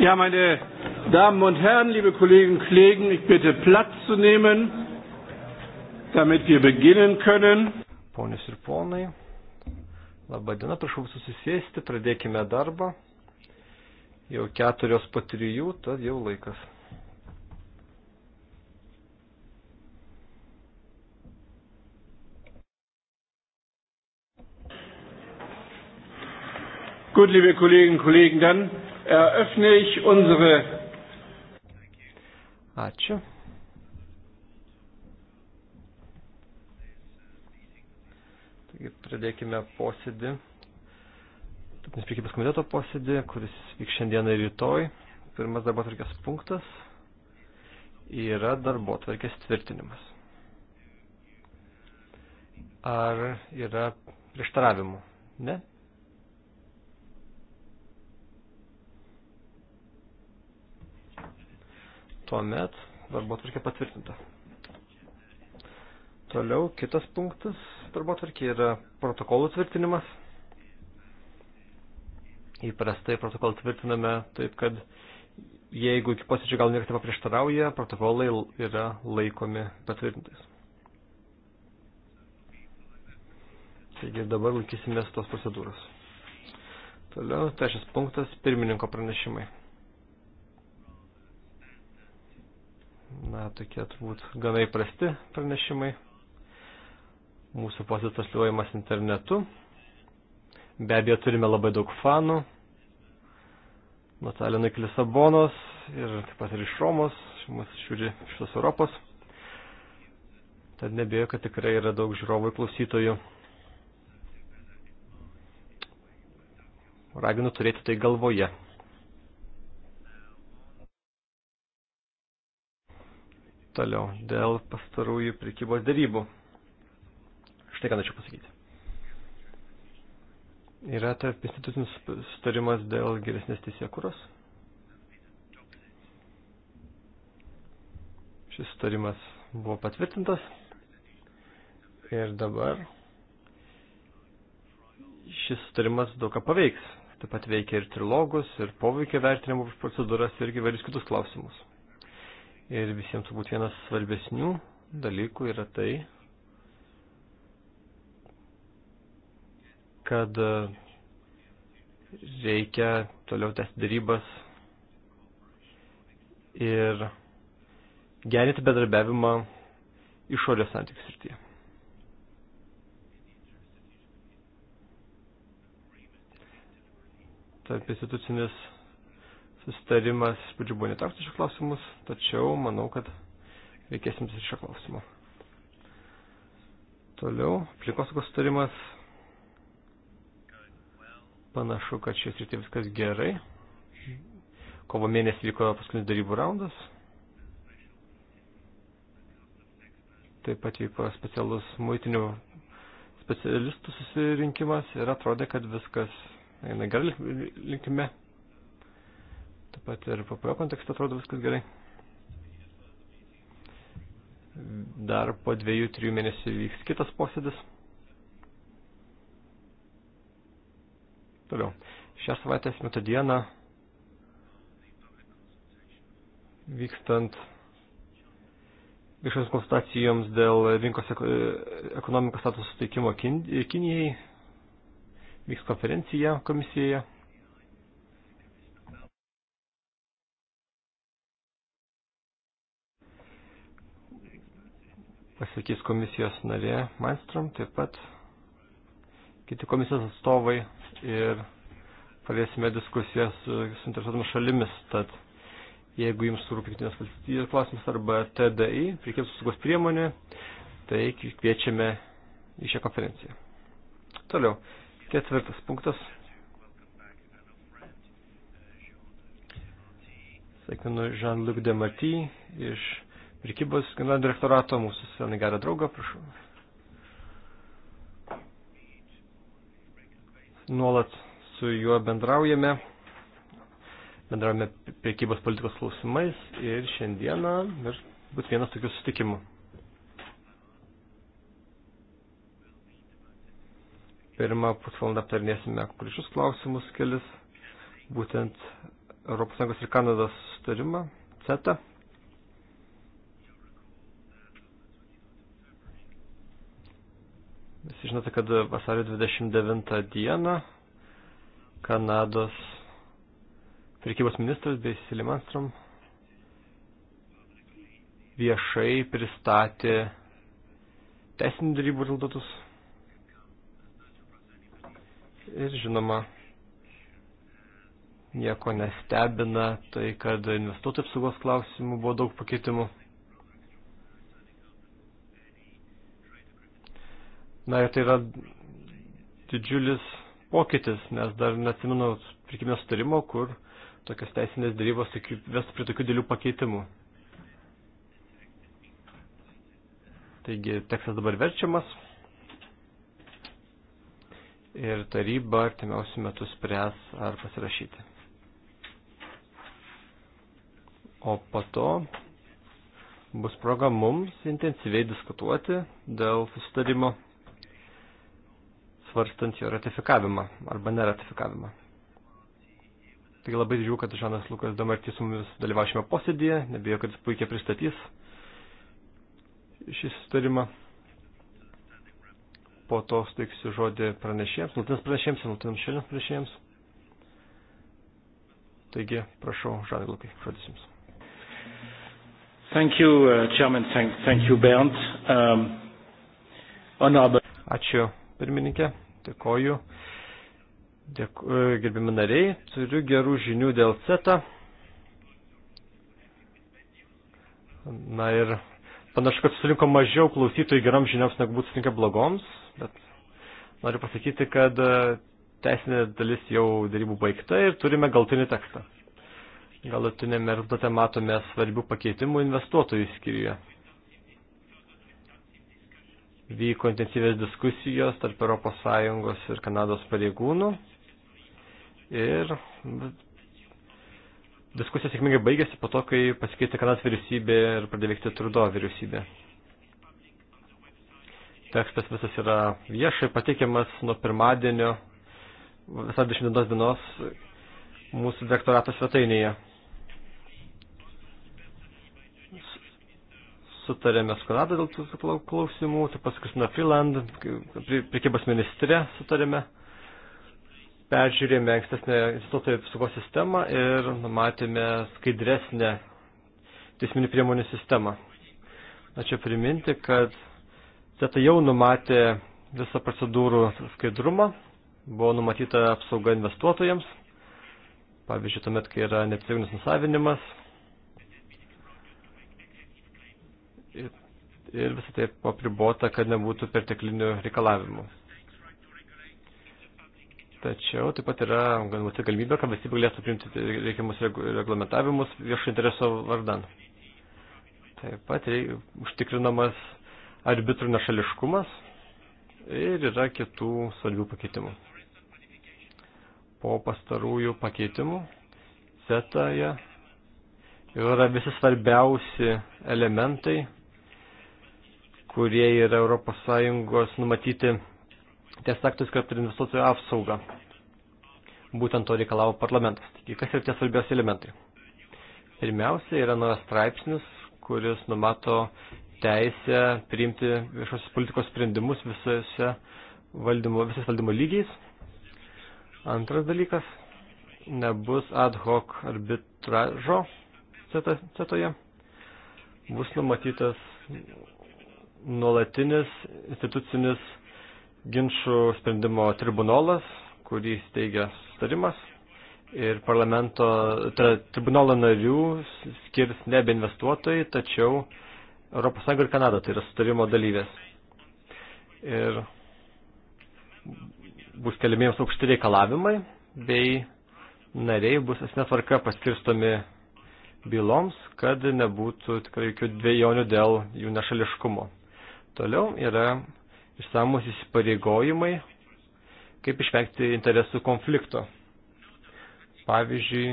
Ja, meine Damen und Herren, liebe Kolleginnen und Kollegen, ich bitte Platz zu nehmen, damit wir beginnen können. Ponius ir ponai, laba diena, prašau susisėsti, pradėkime darbą. Jau keturios po trijų, tad jau laikas. Gut, liebe Kolleginnen und Kollegen, dann eröffne ich unsere. Ačiū. Taigi pradėkime posėdį. Tarptautinės priekybos komiteto posėdį, kuris vyks šiandieną ir rytoj. Pirmas darbo tvarkės punktas yra darbo tvarkės tvirtinimas. Ar yra prieštaravimų? Ne? Tuomet darbo tvarkė patvirtinta. Toliau kitas punktas darbo tvarkė yra protokolų tvirtinimas. Įprastai protokolą tvirtiname taip, kad jeigu iki posėdžio gal niekas nepaprieštarauja, protokolai yra laikomi patvirtintais. Taigi dabar laikysimės tos procedūros. Toliau trečias punktas - pirmininko pranešimai. na, tokie turbūt gana įprasti pranešimai. Mūsų posėdis transliuojamas internetu. Be abejo, turime labai daug fanų. Nuo Talino iki Lisabonos ir taip pat ir iš Romos, mūsų žiūri iš visos Europos. Tad nebėjo, kad tikrai yra daug žiūrovų ir klausytojų. Raginu turėti tai galvoje. Toliau, dėl pastarųjų prikybos darybų. Štai ką norėčiau pasakyti. Yra tarp institucinis sutarimas dėl geresnės teisėkuros. Šis sutarimas buvo patvirtintas. Ir dabar šis sutarimas daug ką paveiks. Taip pat veikia ir trilogus, ir poveikio vertinimų procedūras, ir įvairius kitus klausimus. Ir visiems turbūt vienas svarbesnių dalykų yra tai, kad e, reikia toliau tęsti darybas ir gerinti bedarbiavimą išorės santykių srityje. Tarp institucinis Sustarimas iš pradžių buvo netrauktas šio klausimus, tačiau manau, kad reikėsim ir šio klausimo. Toliau, aplinkosaugos sustarimas. Panašu, kad šis rytė viskas gerai. Kovo mėnesį vyko paskutinis darybų raundas. Taip pat vyko specialus muitinių specialistų susirinkimas ir atrodė, kad viskas eina gerai linkime. Taip pat ir PPO kontekste atrodo viskas gerai. Dar po dviejų, trijų mėnesių vyks kitas posėdis. Toliau. Šią savaitę esmito dieną vykstant viešoms konsultacijoms dėl rinkos ekonomikos statuso suteikimo Kinijai, vyks konferencija komisijoje. pasakys komisijos narė Manstrom, taip pat kiti komisijos atstovai ir pradėsime diskusiją su suinteresuotomis šalimis. Tad jeigu jums rūpi kitinės valstybės klausimas arba TDI, reikėtų saugos priemonė, tai kviečiame į šią konferenciją. Toliau, ketvirtas punktas. Sveikinu Jean-Luc Demarty iš Prikybos generalinio direktorato, mūsų senai gerą draugą, prašau. Nuolat su juo bendraujame, bendraujame priekybos politikos klausimais ir šiandieną ir bus vienas tokių sutikimų. Pirmą pusvalandą aptarnėsime konkrečius klausimus kelis, būtent ES ir Kanados sutarimą, CETA. Visi žinote, kad vasario 29 dieną Kanados prekybos ministras bei Silimanstrom viešai pristatė teisinių darybų rezultatus. Ir žinoma, nieko nestebina tai, kad investuotojų apsaugos klausimų buvo daug pakeitimų. Na ir tai yra didžiulis pokytis, nes dar neatsimenu prikimio sutarimo, kur tokios teisinės dėrybos vestų prie tokių dėlių pakeitimų. Taigi tekstas dabar verčiamas ir taryba artimiausių metų spręs ar pasirašyti. O po to bus proga mums intensyviai diskutuoti dėl susitarimo svarstant jo ratifikavimą arba neratifikavimą. Taigi labai džiugu, kad Žanas Lukas Damartys su mumis dalyvau šiame posėdėje, nebijau, kad jis puikiai pristatys šį sustarimą. Po to steiksiu žodį pranešėjams, nultinis pranešėjams, nultinis šiandien pranešėjams. Taigi, prašau, Žanai Lukai, žodis jums. Thank you, uh, Chairman. Thank, thank you, Bernd. Um, honorable... Ačiū, pirmininkė. Dėkoju. Dėkoju, e, gerbimi nariai. Turiu gerų žinių dėl CETA. Na ir panašu, kad surinko mažiau klausytojų geram žinioms, negu būtų surinkę blogoms, bet noriu pasakyti, kad e, teisinė dalis jau darybų baigta ir turime galtinį tekstą. Galutinėme rezultate matome svarbių pakeitimų investuotojų skyriuje vyko intensyvės diskusijos tarp ES ir Kanados pareigūnų. Ir diskusija sėkmingai baigėsi po to, kai pasikeitė Kanados vyriausybė ir pradėjo veikti Trudo vyriausybė. Tekstas visas yra viešai pateikiamas nuo pirmadienio visą 20 dienos mūsų direktorato svetainėje. sutarėme su Kanada dėl tų klausimų, taip pat Kristina Freeland, prekybos ministrė sutarėme, peržiūrėjome ankstesnę institucijų apsaugos sistemą ir matėme skaidresnę teisminių priemonių sistemą. Ačiū priminti, kad CETA jau numatė visą procedūrų skaidrumą, buvo numatyta apsauga investuotojams, pavyzdžiui, tuomet, kai yra netiesioginis nusavinimas, Ir, ir visą tai apribota, kad nebūtų perteklinių reikalavimų. Tačiau taip pat yra galbūt galimybė, kad valstybė galėtų priimti reikiamus reglamentavimus viešo intereso vardan. Taip pat reik, užtikrinamas arbitrų nešališkumas ir yra kitų svarbių pakeitimų. Po pastarųjų pakeitimų setoje yra visi svarbiausi elementai kurie yra ES numatyti ties aktus, kad turi investuotojų apsaugą. Būtent to reikalavo parlamentas. Taigi, kas yra tie svarbiausi elementai? Pirmiausia, yra naujas straipsnis, kuris numato teisę priimti viešosios politikos sprendimus visose valdymo, visais valdymo lygiais. Antras dalykas, nebus ad hoc arbitražo cetoje. Bus numatytas nuolatinis institucinis ginčių sprendimo tribunolas, kurį steigia sustarimas. Ir parlamento tai tribunolo narių skirs nebe investuotojai, tačiau ES ir Kanada, tai yra sutarimo dalyvės. Ir bus keliamiems aukšti reikalavimai, bei nariai bus esmė tvarka paskirstomi byloms, kad nebūtų tikrai jokių dviejonių dėl jų nešališkumo. Toliau yra išsamus įsipareigojimai, kaip išvengti interesų konflikto. Pavyzdžiui,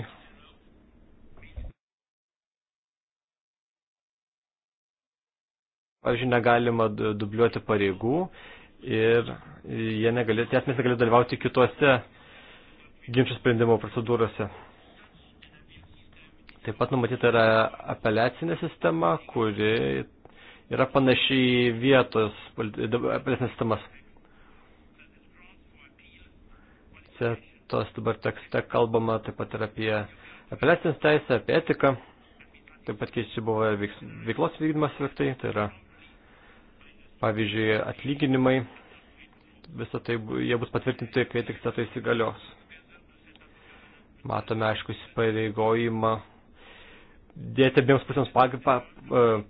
pavyzdžiui, negalima dubliuoti pareigų ir jie negali, tie asmenys negali dalyvauti kitose ginčių sprendimo procedūrose. Taip pat numatyta yra apeliacinė sistema, kuri yra panašiai vietos politinės sistemas. Čia tos dabar tekste kalbama taip pat ir apie apeliacinės teisę, apie etiką, taip pat keičiai buvo veiklos vykdymas ir tai, tai yra pavyzdžiui atlyginimai, visą tai jie bus patvirtinti, kai tik tai įsigalios. Matome aišku įsipareigojimą dėti abiems pusėms e,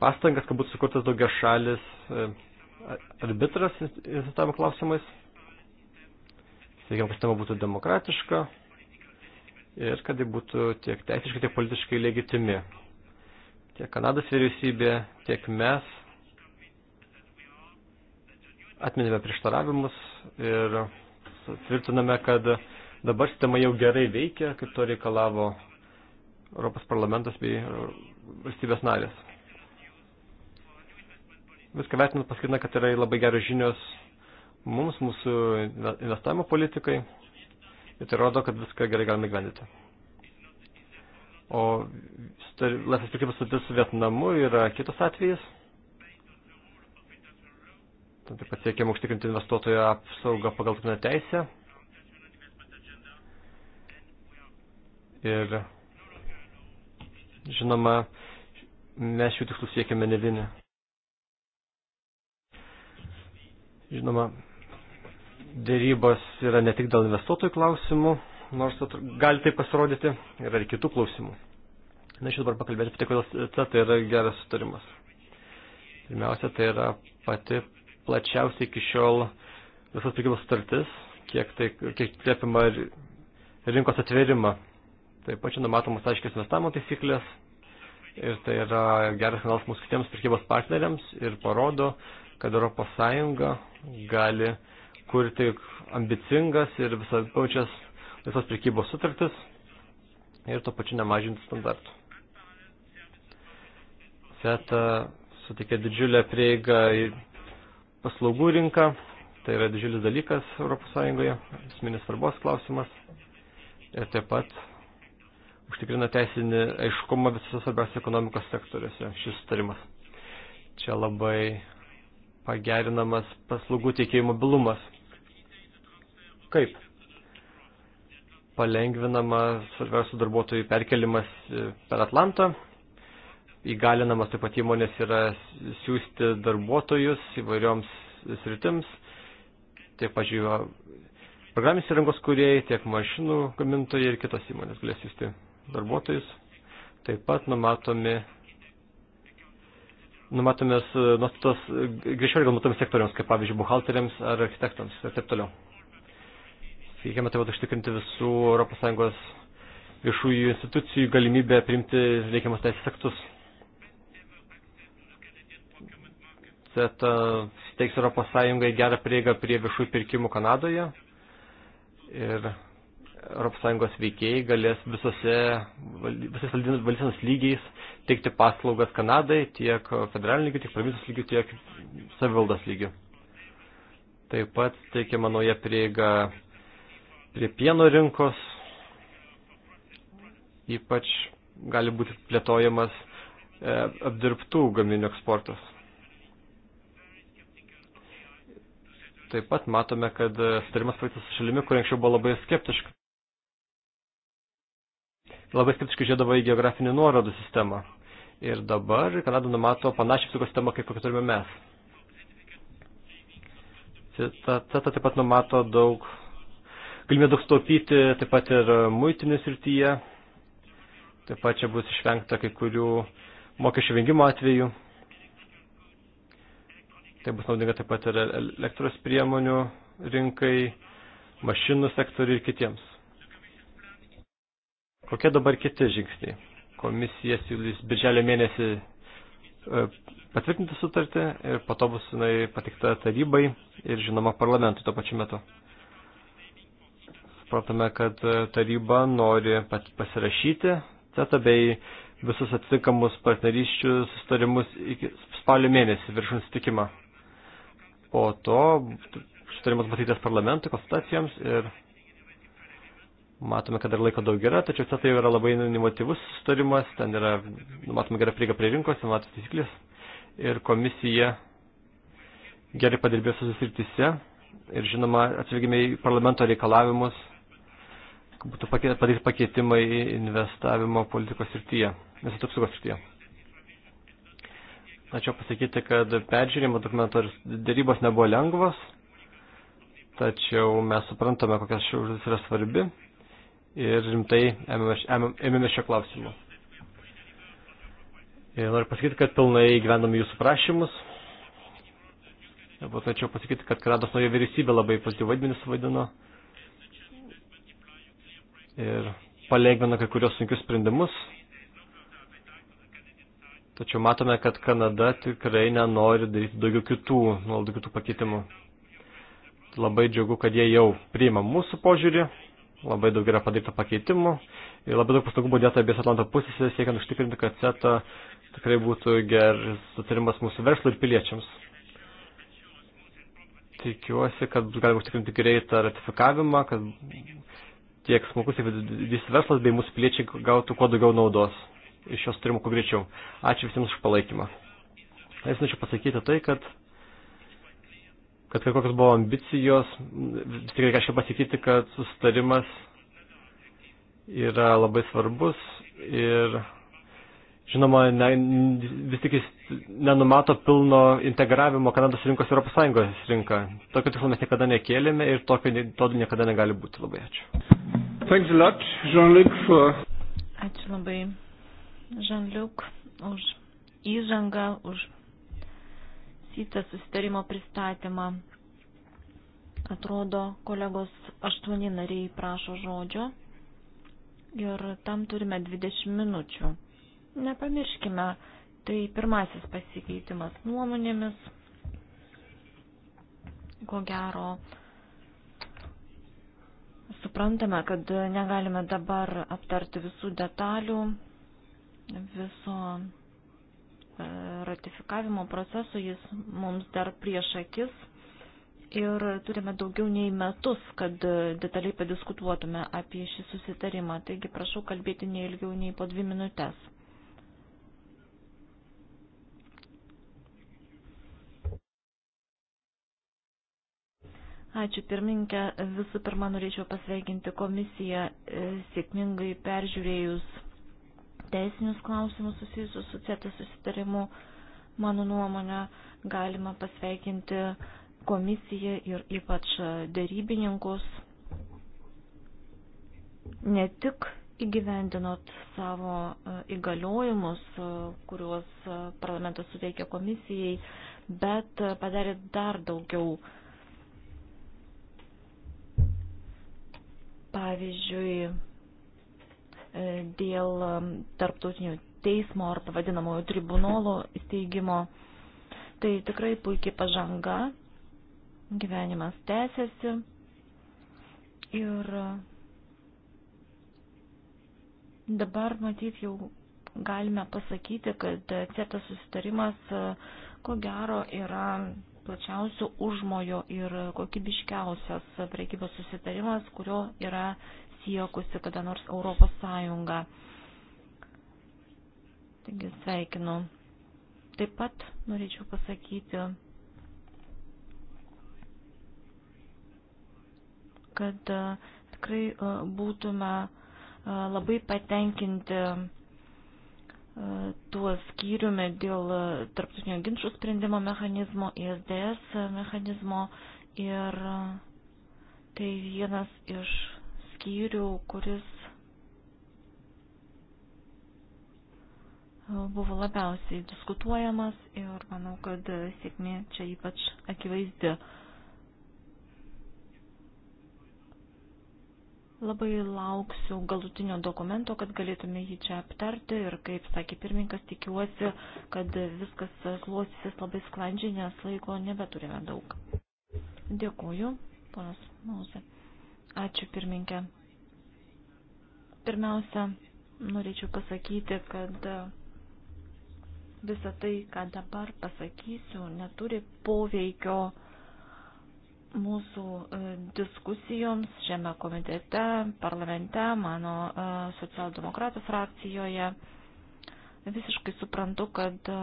pastangas, kad būtų sukurtas daugia šalis e, arbitras investavimo klausimais. Sakykime, kad sistema būtų demokratiška ir kad ji būtų tiek teisiškai, tiek politiškai legitimi. Tiek Kanados vyriausybė, tiek mes atminėme prieštaravimus ir tvirtiname, kad dabar sistema jau gerai veikia, kaip to reikalavo Europos parlamentas bei e, valstybės narės. Viską vertinant pasakytina, kad yra labai geros žinios mums, mūsų investavimo politikai ir tai rodo, kad viską gerai galime gyvendyti. O laisvės prekybos sutartis su Vietnamu yra kitas atvejis. Ten taip pat siekiama užtikrinti investuotojo apsaugą pagal turinę teisę. Ir Žinoma, mes šių tikslų siekiame ne vieni. Žinoma, dėrybos yra ne tik dėl investuotojų klausimų, nors gali tai pasirodyti, yra ir kitų klausimų. Na, aš dabar pakalbėti apie tai, kodėl CETA tai yra geras sutarimas. Pirmiausia, tai yra pati plačiausiai iki šiol visas prekybos sutartis, kiek tai kiek tai apima rinkos atvėrimą Taip pat čia numatomos aiškios investavimo taisyklės ir tai yra geras signalas mūsų kitiems prekybos partneriams ir parodo, kad Europos Sąjunga gali kurti ambicingas ir visapaučias visas prekybos sutartis ir to pačiu nemažinti standartų. SETA suteikia didžiulę prieigą į paslaugų rinką, tai yra didžiulis dalykas Europos Sąjungoje, esminis svarbos klausimas ir taip pat užtikrina teisinį aiškumą visose svarbiausios ekonomikos sektoriuose šis sutarimas. Čia labai pagerinamas paslaugų teikėjų mobilumas. Kaip? Palengvinama svarbiausių darbuotojų perkelimas e, per Atlantą, įgalinamas taip pat įmonės yra siūsti darbuotojus įvairioms sritims, tiek, pažiūrėjau, programinės įrangos kuriejai, tiek mašinų gamintojai ir kitos įmonės galės siūsti darbuotojus. Taip pat numatomi numatomės e, nuostatos grįžčiau reglamentuomis sektoriams, kaip pavyzdžiui, buhalteriams ar architektams ir taip toliau. Siekiame taip pat užtikrinti visų ES viešųjų institucijų galimybę priimti reikiamus teisės aktus. CETA steiks ES gerą prieigą prie viešųjų pirkimų Kanadoje ir ES veikėjai galės visose, visais valdysenos lygiais teikti paslaugas Kanadai, tiek federalinių lygių, tiek provincijos lygių, tiek savivaldos lygių. Taip pat teikiama nauja prieiga prie pieno rinkos, ypač gali būti plėtojamas e, apdirbtų gaminių eksportas. Taip pat matome, kad sutarimas pakeistas su šalimi, kur anksčiau buvo labai skeptiška labai skeptiškai žiedavo į geografinį nuorodų sistemą. Ir dabar Kanada numato panašią apsaugos sistemą, kaip kokią turime mes. CETA taip pat numato daug, galimybę daug staupyti, taip pat ir muitinių srityje. Taip pat čia bus išvengta kai kurių mokesčių vengimo atvejų. Tai bus naudinga taip pat ir elektros priemonių rinkai, mašinų sektoriui ir kitiems. Kokie dabar kiti žingsniai? Komisija siūlys birželio mėnesį e, patvirtinti sutartį ir po to bus jinai patikta tarybai ir žinoma parlamentui tuo pačiu metu. Supratome, kad e, taryba nori pasirašyti CETA bei visus atsinkamus partnerysčių sustarimus iki spalio mėnesį viršų sutikimą. Po to sustarimas matytas parlamentui, konsultacijoms ir Matome, kad dar laiko daug yra, tačiau CETA jau yra labai inovatyvus sustarimas, ten yra, matome, gera prieiga prie rinkos, inovacijos taisyklės ir komisija gerai padirbės susisirtise ir žinoma, atsvegime į parlamento reikalavimus, būtų padaryti pakeitimai investavimo politikos srityje, visatų apsaugos srityje. Tačiau pasakyti, kad peržiūrėjimo dokumento dėrybos nebuvo lengvos, tačiau mes suprantame, kokias ši užduotis yra svarbi ir rimtai ėmėme šio klausimo. Ir noriu pasakyti, kad pilnai gyvenome jūsų prašymus. Dabar tačiau pasakyti, kad Kanados nauja vyriausybė labai pozityvų vaidmenį suvaidino ir palengvino kai kurios sunkius sprendimus. Tačiau matome, kad Kanada tikrai nenori daryti daugiau kitų, nuolat kitų pakeitimų. Labai džiugu, kad jie jau priima mūsų požiūrį labai daug yra padaryta pakeitimų ir labai daug pastangų buvo dėta abies Atlanto pusėse, siekiant užtikrinti, kad CETA tikrai būtų geras sutarimas mūsų verslui ir piliečiams. Tikiuosi, kad galima užtikrinti greitą ratifikavimą, kad tiek smukus, tiek vis verslas bei mūsų piliečiai gautų kuo daugiau naudos iš šios turimų kuo greičiau. Ačiū visiems už palaikymą. Aš norėčiau pasakyti tai, kad kad kai kokios buvo ambicijos, vis tik reikia pasakyti, kad sustarimas yra labai svarbus ir žinoma, ne, vis tik jis nenumato pilno integravimo Kanados rinkos Europos Sąjungos rinką. Tokio tikslo mes niekada nekėlėme ir tokio to niekada negali būti. Labai ačiū. Thanks a lot, Jean-Luc, for... Ačiū labai, Jean-Luc, už įžangą, už numatytą susitarimo pristatymą. Atrodo, kolegos aštuoni nariai prašo žodžio ir tam turime 20 minučių. Nepamirškime, tai pirmasis pasikeitimas nuomonėmis. Ko gero, suprantame, kad negalime dabar aptarti visų detalių, viso ratifikavimo procesu, jis mums dar prieš akis ir turime daugiau nei metus, kad detaliai padiskutuotume apie šį susitarimą. Taigi prašau kalbėti ne ilgiau nei po dvi minutės. Ačiū pirminkė. Visų pirma, norėčiau pasveikinti komisiją e, sėkmingai peržiūrėjus teisinius klausimus susijusius su CETA susitarimu. Mano nuomonė, galima pasveikinti komisiją ir ypač dėrybininkus. Ne tik įgyvendinot savo e, įgaliojimus, e, kuriuos e, parlamentas suteikė komisijai, bet padarė dar daugiau. Pavyzdžiui, dėl um, tarptautinių teismo ar vadinamojo tribunolo įsteigimo. Tai tikrai puikiai pažanga, gyvenimas tęsiasi ir uh, dabar matyt jau galime pasakyti, kad CETA susitarimas uh, ko gero yra plačiausio užmojo ir kokybiškiausias prekybos susitarimas, kurio yra pasiekusi kada nors Europos Sąjunga. Taigi sveikinu. Taip pat norėčiau pasakyti, kad e, tikrai e, būtume e, labai patenkinti tuo skyriumi dėl tarptautinio ginčių sprendimo mechanizmo, ISDS mechanizmo ir tai vienas iš skyrių, kuris e, buvo labiausiai diskutuojamas ir manau, kad sėkmė čia ypač akivaizdi. Labai lauksiu galutinio dokumento, kad galėtume jį čia aptarti ir, kaip sakė pirmininkas, tikiuosi, kad viskas klostysis labai sklandžiai, nes laiko nebeturime daug. Dėkuoju, ponas Mausė. Ačiū pirmininkė. Pirmiausia, norėčiau pasakyti, kad visa tai, ką dabar pasakysiu, neturi poveikio mūsų e, diskusijoms šiame komitete, parlamente, mano e, socialdemokratų frakcijoje. Visiškai suprantu, kad e,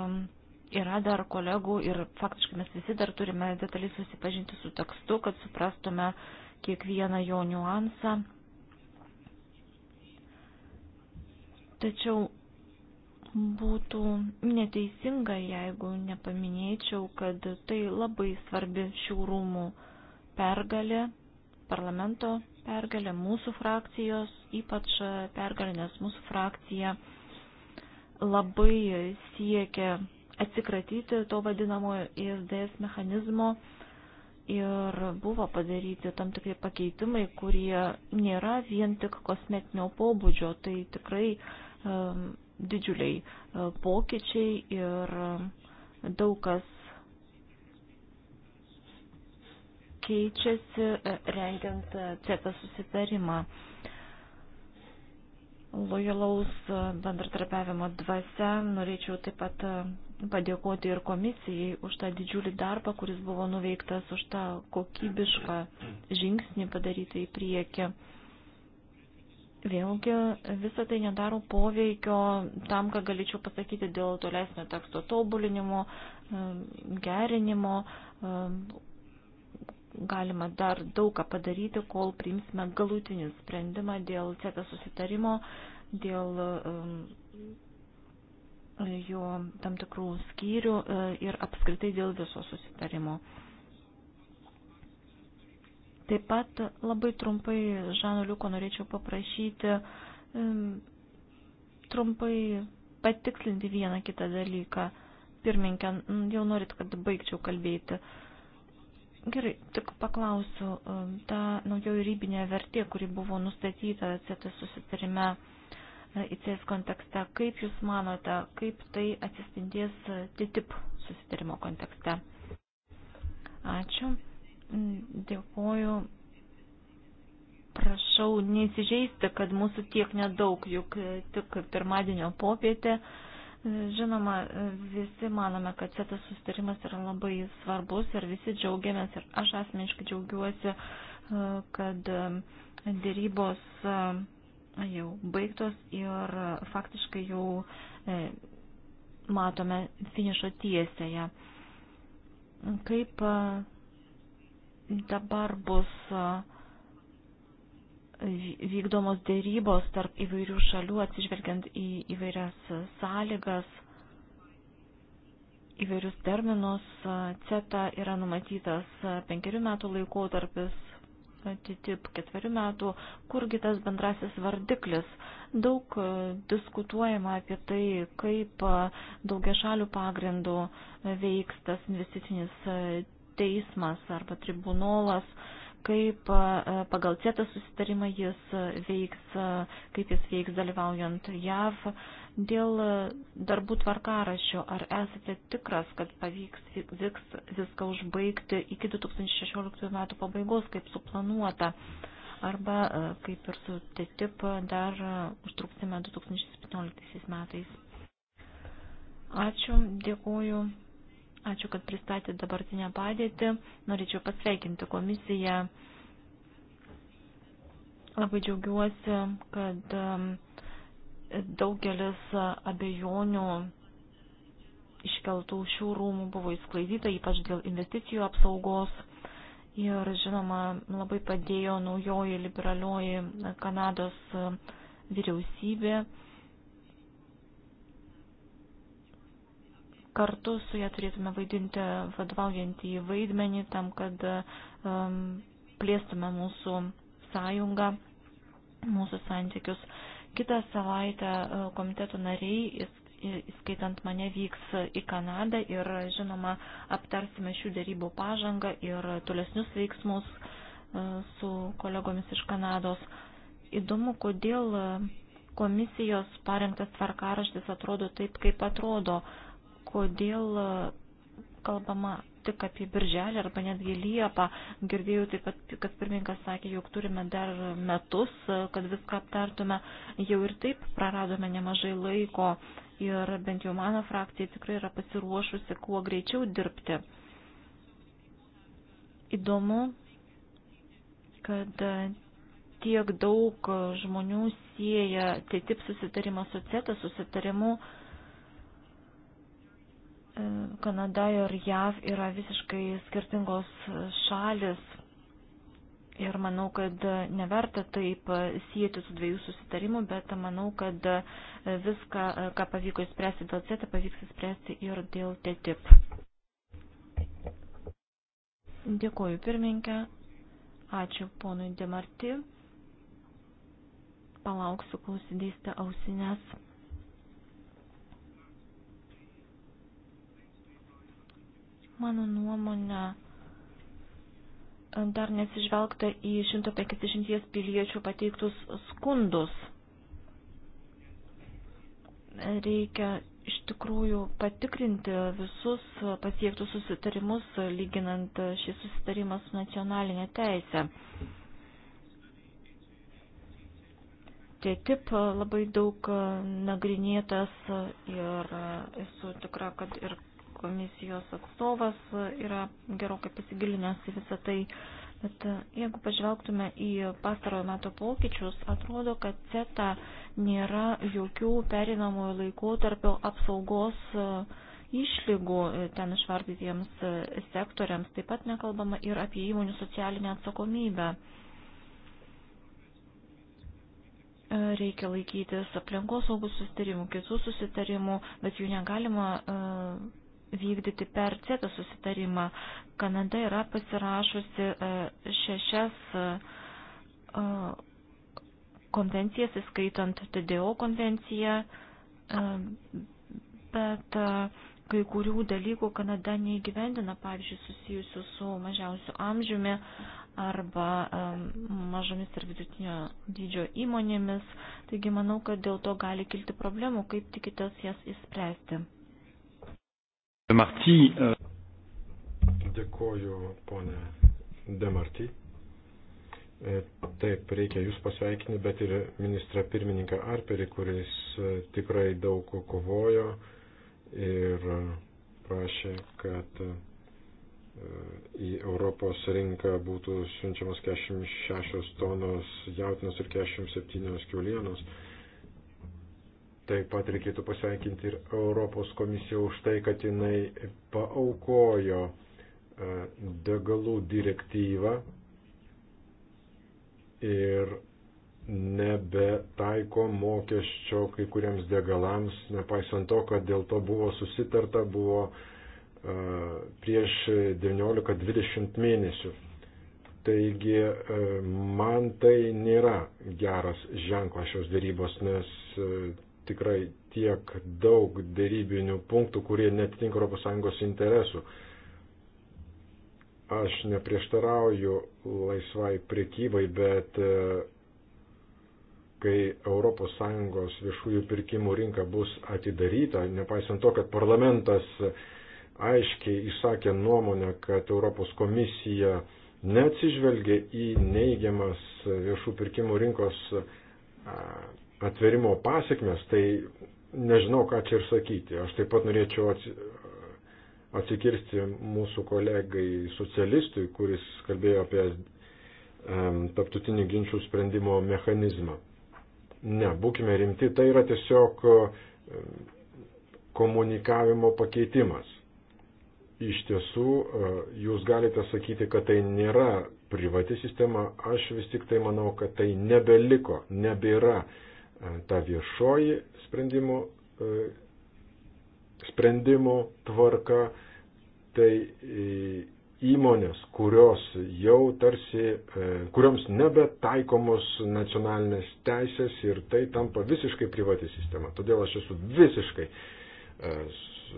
yra dar kolegų ir faktiškai mes visi dar turime detaliai susipažinti su tekstu, kad suprastume kiekvieną jo niuansą, Tačiau būtų neteisinga, jeigu nepaminėčiau, kad tai labai svarbi šių rūmų pergalė, parlamento pergalė, mūsų frakcijos, ypač pergalė, nes mūsų frakcija labai siekia atsikratyti to vadinamojo ISDS mechanizmo ir buvo padaryti tam tikri pakeitimai, kurie nėra vien tik kosmetinio pobūdžio, tai tikrai uh, didžiuliai e, pokyčiai ir e, daug kas keičiasi e, rengiant CETA susitarimą. Lojalaus bendratarpiavimo dvasia norėčiau taip pat padėkoti ir komisijai už tą didžiulį darbą, kuris buvo nuveiktas, už tą kokybišką žingsnį padaryti į priekį. Vėlgi visą tai nedaro poveikio tam, ką galėčiau pasakyti dėl tolesnio teksto tobulinimo, gerinimo. Galima dar daug ką padaryti, kol priimsime galutinį sprendimą dėl CETA susitarimo, dėl jo tam tikrų skyrių e, ir apskritai dėl viso susitarimo. Taip pat labai trumpai Žano Liuko norėčiau paprašyti trumpai patikslinti vieną kitą dalyką. Pirminkę, jau norit, kad baigčiau kalbėti. Gerai, tik paklausiu, ta naujoji rybinė vertė, kuri buvo nustatyta CETA susitarime ICS e, kontekste, kaip Jūs manote, kaip tai atsispindės e, TTIP susitarimo kontekste? Ačiū. Mm, Dėkuoju. Prašau neįsižeisti, kad mūsų tiek nedaug, juk e, tik pirmadienio popietė. E, žinoma, e, visi manome, kad šitas sustarimas yra labai svarbus ir visi džiaugiamės ir aš asmeniškai džiaugiuosi, kad dėrybos jau baigtos ir faktiškai jau matome finišo tiesėje. Kaip Dabar bus vykdomos dėrybos tarp įvairių šalių, atsižvelgiant į įvairias sąlygas, įvairius terminus. CETA yra numatytas penkerių metų laikotarpis, TTIP ketverių metų, kurgi tas bendrasis vardiklis. Daug diskutuojama apie tai, kaip daugia šalių pagrindų veiks tas investicinis teismas arba tribunolas, kaip e, pagal CETA susitarimą jis e, veiks, e, kaip jis veiks dalyvaujant JAV. Dėl darbų tvarkarašio, ar esate tikras, kad pavyks vyks, viską užbaigti iki 2016 metų pabaigos, kaip suplanuota? Arba, kaip ir su TTIP, dar užtruksime 2017 metais. Ačiū, dėkuoju Ačiū, kad pristatėte dabartinę padėtį. Norėčiau pasveikinti komisiją. Labai džiaugiuosi, kad um, daugelis abejonių iškeltų šių rūmų buvo įsklaidyta, ypač dėl investicijų apsaugos. Ir, žinoma, labai padėjo naujoji liberalioji Kanados um, vyriausybė kartu su ją turėtume vaidinti vadovaujantį vaidmenį tam, kad um, plėstume mūsų sąjungą, mūsų santykius. Kitą savaitę uh, komiteto nariai, įskaitant mane, vyks į Kanadą ir, žinoma, aptarsime šių dėrybų pažangą ir tolesnius veiksmus uh, su kolegomis iš Kanados. Įdomu, kodėl uh, komisijos parengtas tvarkaraštis atrodo taip, kaip atrodo kodėl e, kalbama tik apie birželį arba netgi liepą. Girdėjau taip pat, kad pirmininkas sakė, jog turime dar metus, e, kad viską aptartume. Jau ir taip praradome nemažai laiko ir bent jau mano frakcija tikrai yra pasiruošusi kuo greičiau dirbti. Įdomu, kad tiek daug žmonių sieja tai taip susitarimas su CETA susitarimu. Su Kanada ir JAV yra visiškai skirtingos šalis ir manau, kad neverta taip sieti su dviejų susitarimų, bet manau, kad viską, ką pavyko įspręsti dėl CETA, pavyks įspręsti ir dėl TTIP. Dėkuoju pirmininkę, ačiū ponui Demarti, palauksiu klausidystę ausinės. Mano nuomonė, dar nesižvelgta į 150 piliečių pateiktus skundus. Reikia iš tikrųjų patikrinti visus pasiektus susitarimus, lyginant šį susitarimą su nacionalinė teisė. TTIP labai daug nagrinėtas ir esu tikra, kad ir komisijos atstovas yra gerokai pasigilinęs į visą tai. Bet e, jeigu pažvelgtume į pastarojo meto pokyčius, atrodo, kad CETA nėra jokių perinamojo laikotarpio apsaugos e, išlygų e, ten išvardytiems sektoriams. Taip pat nekalbama ir apie įmonių socialinę atsakomybę. reikia laikytis aplinkos saugų susitarimų, kitų susitarimų, bet jų negalima uh, vykdyti per CETA susitarimą. Kanada yra pasirašusi e, šešias e, e, konvencijas, įskaitant TDO konvenciją, bet kai kurių dalykų Kanada neįgyvendina, pavyzdžiui, susijusių su mažiausiu amžiumi arba mažomis ir vidutinio dydžio įmonėmis. Taigi manau, kad dėl to gali kilti problemų, kaip tikitės jas įspręsti. Demarty. Euh. Dėkoju, ponė Demarty. E, taip, reikia jūs pasveikinti, bet ir ministrą pirmininką Arperį, kuris e, tikrai daug kovojo ir e, prašė, kad į Europos rinką būtų siunčiamas 46 tonos jautinos ir 47 kiaulienos. Taip pat reikėtų pasveikinti ir Europos komisiją už tai, kad jinai paaukojo e, degalų direktyvą ir nebetaiko mokesčio kai kuriems degalams, nepaisant to, kad dėl to buvo susitarta, buvo e, prieš 19-20 mėnesių. Taigi e, man tai nėra geras ženklas šios dėrybos, nes tikrai tiek daug dėrybinių punktų, kurie netitinka ES interesų. Aš neprieštarauju laisvai priekybai, bet e, kai ES viešųjų pirkimų rinka bus atidaryta, nepaisant to, kad parlamentas aiškiai išsakė nuomonę, kad Europos komisija neatsižvelgia į neigiamas viešų pirkimų rinkos atverimo pasiekmes, tai nežinau, ką čia ir sakyti. Aš taip pat norėčiau atsikirsti mūsų kolegai socialistui, kuris kalbėjo apie taptutinį ginčių sprendimo mechanizmą. Ne, būkime rimti, tai yra tiesiog komunikavimo pakeitimas. Iš tiesų, e, jūs galite sakyti, kad tai nėra privati sistema, aš vis tik tai manau, kad tai nebeliko, nebėra uh, E, ta viešoji sprendimų, e, sprendimų tvarka, tai įmonės, kurios jau tarsi, e, kurioms nebetaikomos nacionalinės teisės ir tai tampa visiškai privati sistema. Todėl aš esu visiškai E,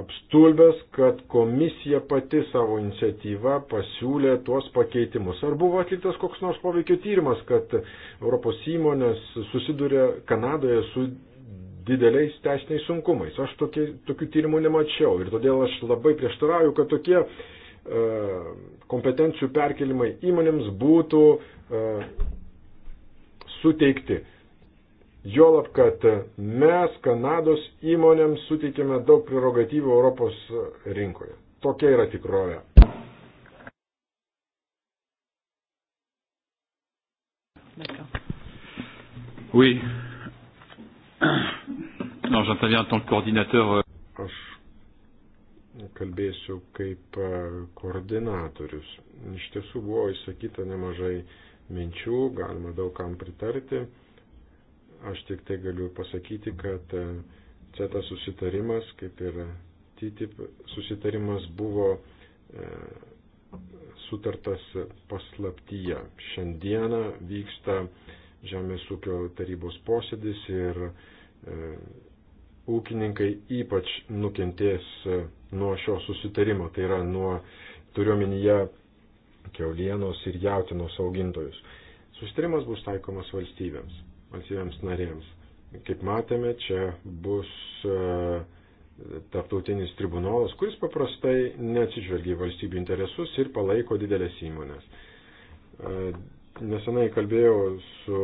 apstulbęs, kad komisija pati savo iniciatyvą pasiūlė tuos pakeitimus. Ar buvo atliktas koks nors poveikio tyrimas, kad Europos įmonės susiduria Kanadoje su dideliais teisiniais sunkumais? Aš tokie, tokių tyrimų nemačiau ir todėl aš labai prieštarauju, kad tokie e, kompetencijų perkelimai įmonėms būtų e, suteikti. Jolab, kad mes Kanados įmonėms suteikėme daug prerogatyvų Europos rinkoje. Tokia yra tikrovė. Oui. Non, j'interviens en tant que coordinateur. Euh. Aš kalbėsiu kaip e, koordinatorius. Iš tiesų buvo išsakyta nemažai minčių, galima daug kam pritarti. Aš tik tai galiu pasakyti, kad e, CETA susitarimas, kaip ir TTIP susitarimas, buvo e, sutartas paslaptyje. Šiandieną vyksta Žemės ūkio tarybos posėdis ir e, ūkininkai ypač nukentės nuo šio susitarimo, tai yra nuo turiuomenyje keulienos ir jautinos augintojus. Sustarimas bus taikomas valstybėms valstybėms narėms. Kaip matėme, čia bus e, tarptautinis tribunolas, kuris paprastai neatsižvelgia į valstybių interesus ir palaiko didelės įmonės. E, nesenai kalbėjau su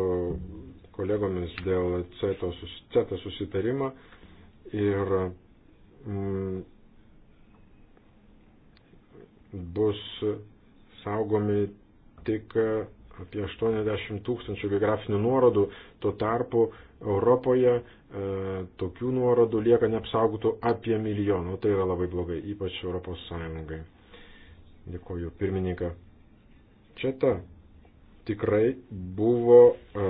kolegomis dėl CETA susitarimą ir mm, bus saugomi tik apie 80 tūkstančių geografinių nuorodų Tuo tarpu Europoje e, tokių nuorodų lieka neapsaugotų apie milijoną. Tai yra labai blogai, ypač Europos Sąjungai. Dėkoju, pirmininką. Čia ta tikrai buvo e,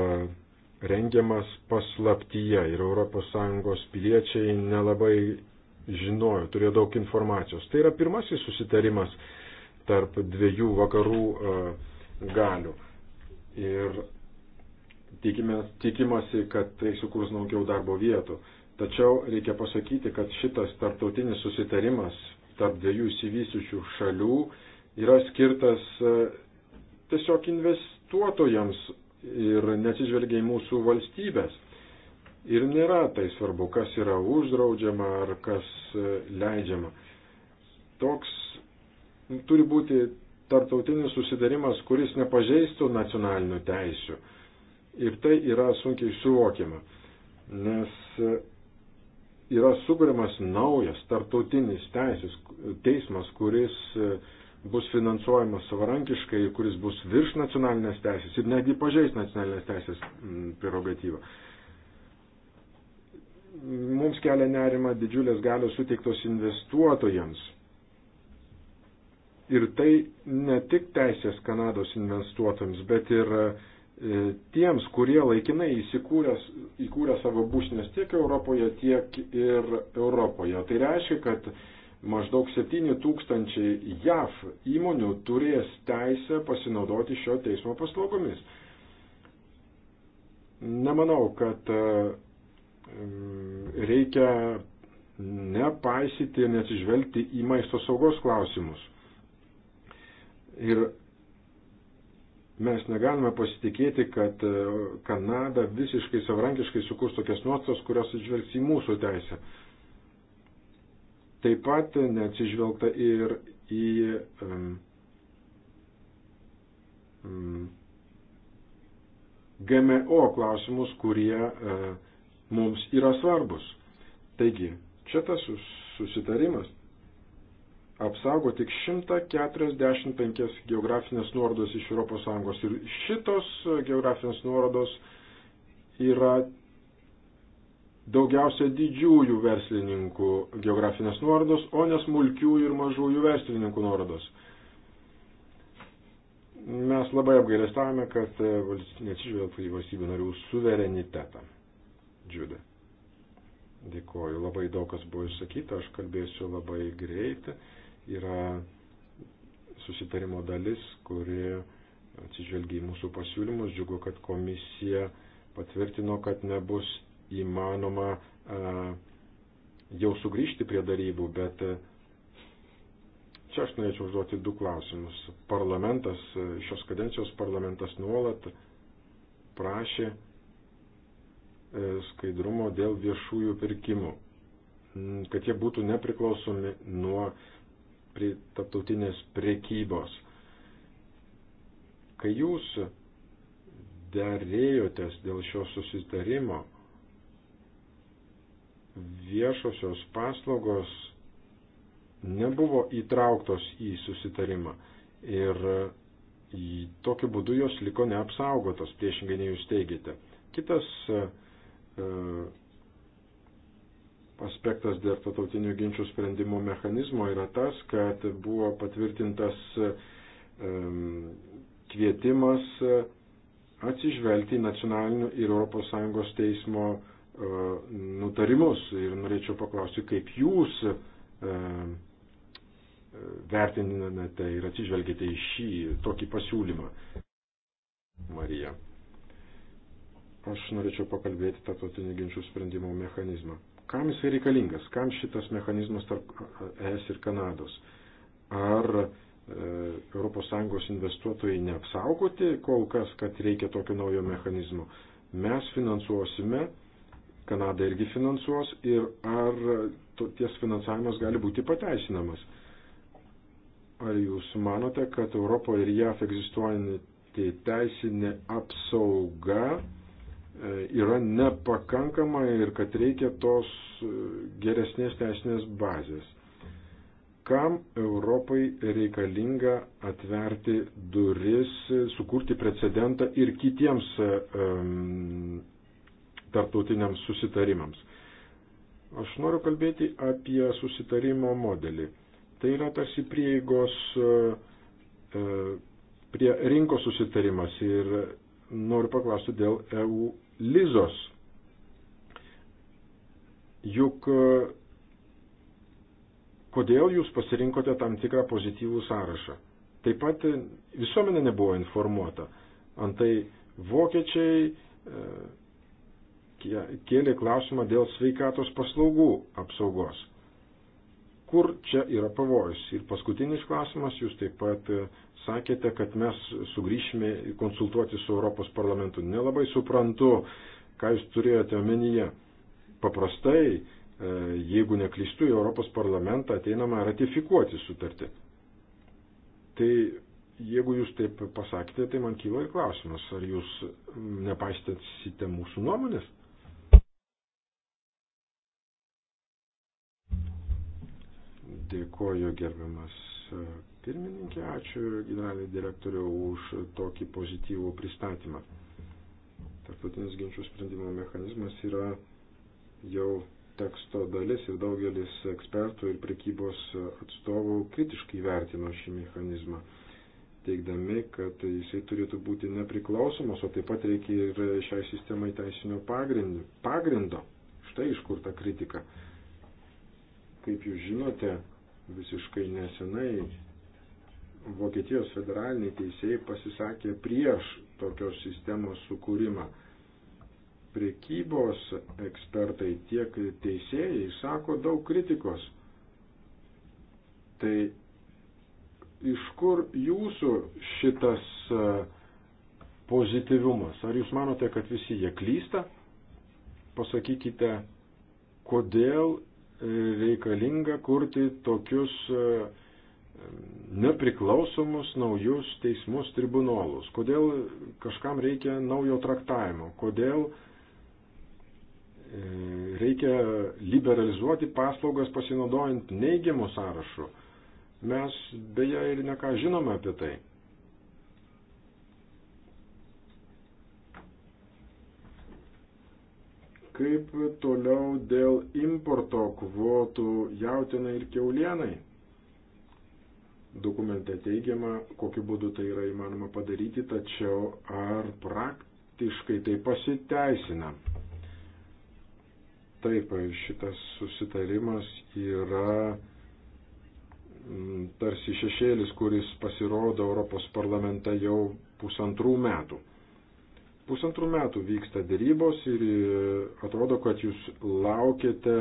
rengiamas paslaptyje ir ES piliečiai nelabai žinojo, turėjo daug informacijos. Tai yra pirmasis susitarimas tarp dviejų vakarų e, galių. Ir tikimės, tikimasi, kad tai sukurs daugiau darbo vietų. Tačiau reikia pasakyti, kad šitas tarptautinis susitarimas tarp dviejų įsivysiučių šalių yra skirtas e, tiesiog investuotojams ir neatsižvelgia į mūsų valstybės. Ir nėra tai svarbu, kas yra uždraudžiama ar kas e, leidžiama. Toks turi būti tarptautinis susidarimas, kuris nepažeistų nacionalinių teisių. Ir tai yra sunkiai suvokiama, nes e, yra sukūriamas naujas tartautinis teisės teismas, kuris e, bus finansuojamas savarankiškai, kuris bus virš nacionalinės teisės ir netgi pažeis nacionalinės teisės prerogatyvą. Mums kelia nerima didžiulės galios suteiktos investuotojams. Ir tai ne tik teisės Kanados investuotojams, bet ir uh, E, tiems, kurie laikinai įkūrė savo būsnės tiek Europoje, tiek ir Europoje. Tai reiškia, kad maždaug 7 tūkstančiai JAV įmonių turės teisę pasinaudoti šio teismo paslaugomis. Nemanau, kad e, reikia nepaisyti ir nesižvelgti į maisto saugos klausimus. Ir Mes negalime pasitikėti, kad e, Kanada visiškai savarankiškai sukurs tokias nuostatas, kurios atžvelgs į mūsų teisę. Taip pat neatsižvelgta ir į um, um, GMO klausimus, kurie uh, mums yra svarbus. Taigi, čia tas susitarimas apsaugo tik 145 geografinės nuorodos iš ES. Ir šitos geografinės nuorodos yra daugiausia didžiųjų verslininkų geografinės nuorodos, o ne smulkiųjų ir mažųjų verslininkų nuorodos. Mes labai apgailestavome, kad e, neatsižvelgtų į valstybių narių suverenitetą. Džiudas. Dėkoju, labai daug kas buvo išsakyta, aš kalbėsiu labai greit yra susitarimo dalis, kuri atsižvelgia į mūsų pasiūlymus. Džiugu, kad komisija patvirtino, kad nebus įmanoma jau sugrįžti prie darybų, bet čia aš norėčiau užduoti du klausimus. Parlamentas, šios kadencijos parlamentas nuolat prašė skaidrumo dėl viešųjų pirkimų, kad jie būtų nepriklausomi nuo prie taptautinės priekybos. Kai jūs dėrėjotės dėl šio susitarimo, viešosios paslaugos nebuvo įtrauktos į susitarimą ir tokiu būdu jos liko neapsaugotos, priešingai nei jūs teigiate. Kitas e, aspektas dėl tatautinių ginčių sprendimo mechanizmo yra tas, kad buvo patvirtintas kvietimas e, atsižvelgti į nacionalinių ir ES teismo e, nutarimus. Ir norėčiau paklausti, kaip jūs e, vertinate ir atsižvelgite į šį tokį pasiūlymą. Marija. Aš norėčiau pakalbėti tą tautinį ginčių sprendimo mechanizmą. Kam jisai reikalingas? Kam šitas mechanizmas tarp ES ir Kanados? Ar ES investuotojai neapsaugoti kol kas, kad reikia tokio naujo mechanizmo? Mes finansuosime, Kanada irgi finansuos ir ar ties finansavimas gali būti pateisinamas? Ar jūs manote, kad Europoje ir JAF egzistuojanti teisinė apsauga E, yra nepakankama ir kad reikia tos e, geresnės teisinės bazės. Kam Europai reikalinga atverti duris, sukurti precedentą ir kitiems um, tarptautiniams susitarimams? Aš noriu kalbėti apie susitarimo modelį. Tai yra tarsi prieigos prie rinkos susitarimas ir noriu paklausti dėl EU Lizos. Juk e, kodėl jūs pasirinkote tam tikrą pozityvų sąrašą? Taip pat e, visuomenė nebuvo informuota. Antai vokiečiai e, kėlė klausimą dėl sveikatos paslaugų apsaugos kur čia yra pavojus. Ir paskutinis klausimas, jūs taip pat e, sakėte, kad mes sugrįšime konsultuoti su Europos parlamentu. Nelabai suprantu, ką jūs turėjote omenyje. Paprastai, e, jeigu neklystu, į Europos parlamentą ateinama ratifikuoti sutartį. Tai jeigu jūs taip pasakėte, tai man kyla ir klausimas, ar jūs nepaistysite mūsų nuomonės? Dėkoju gerbiamas e, pirmininkė, ačiū generalinį direktorių už tokį pozityvų pristatymą. Tarptautinis ginčių sprendimo mechanizmas yra jau teksto dalis ir daugelis ekspertų ir prekybos atstovų kritiškai vertino šį mechanizmą, teikdami, kad jisai turėtų būti nepriklausomas, o taip pat reikia ir šiai sistemai teisinio pagrindo. Štai iš kur ta kritika. Kaip jūs žinote, visiškai nesenai Vokietijos federaliniai teisėjai pasisakė prieš tokios sistemos sukūrimą. Prekybos ekspertai tiek teisėjai sako daug kritikos. Tai iš kur jūsų šitas e, pozityvumas? Ar jūs manote, kad visi jie klysta? Pasakykite, kodėl reikalinga kurti tokius e, nepriklausomus naujus teismus tribunolus. Kodėl kažkam reikia naujo traktavimo? Kodėl e, reikia liberalizuoti paslaugas pasinaudojant neigiamų sąrašų? Mes beje ir neką žinome apie tai. Kaip toliau dėl importo kvotų jautinai ir keulienai? Dokumente teigiama, kokiu būdu tai yra įmanoma padaryti, tačiau ar praktiškai tai pasiteisina? Taip, šitas susitarimas yra mm, tarsi šešėlis, kuris pasirodo Europos parlamente jau pusantrų metų. Pusantrų metų vyksta dėrybos ir e, atrodo, kad jūs laukite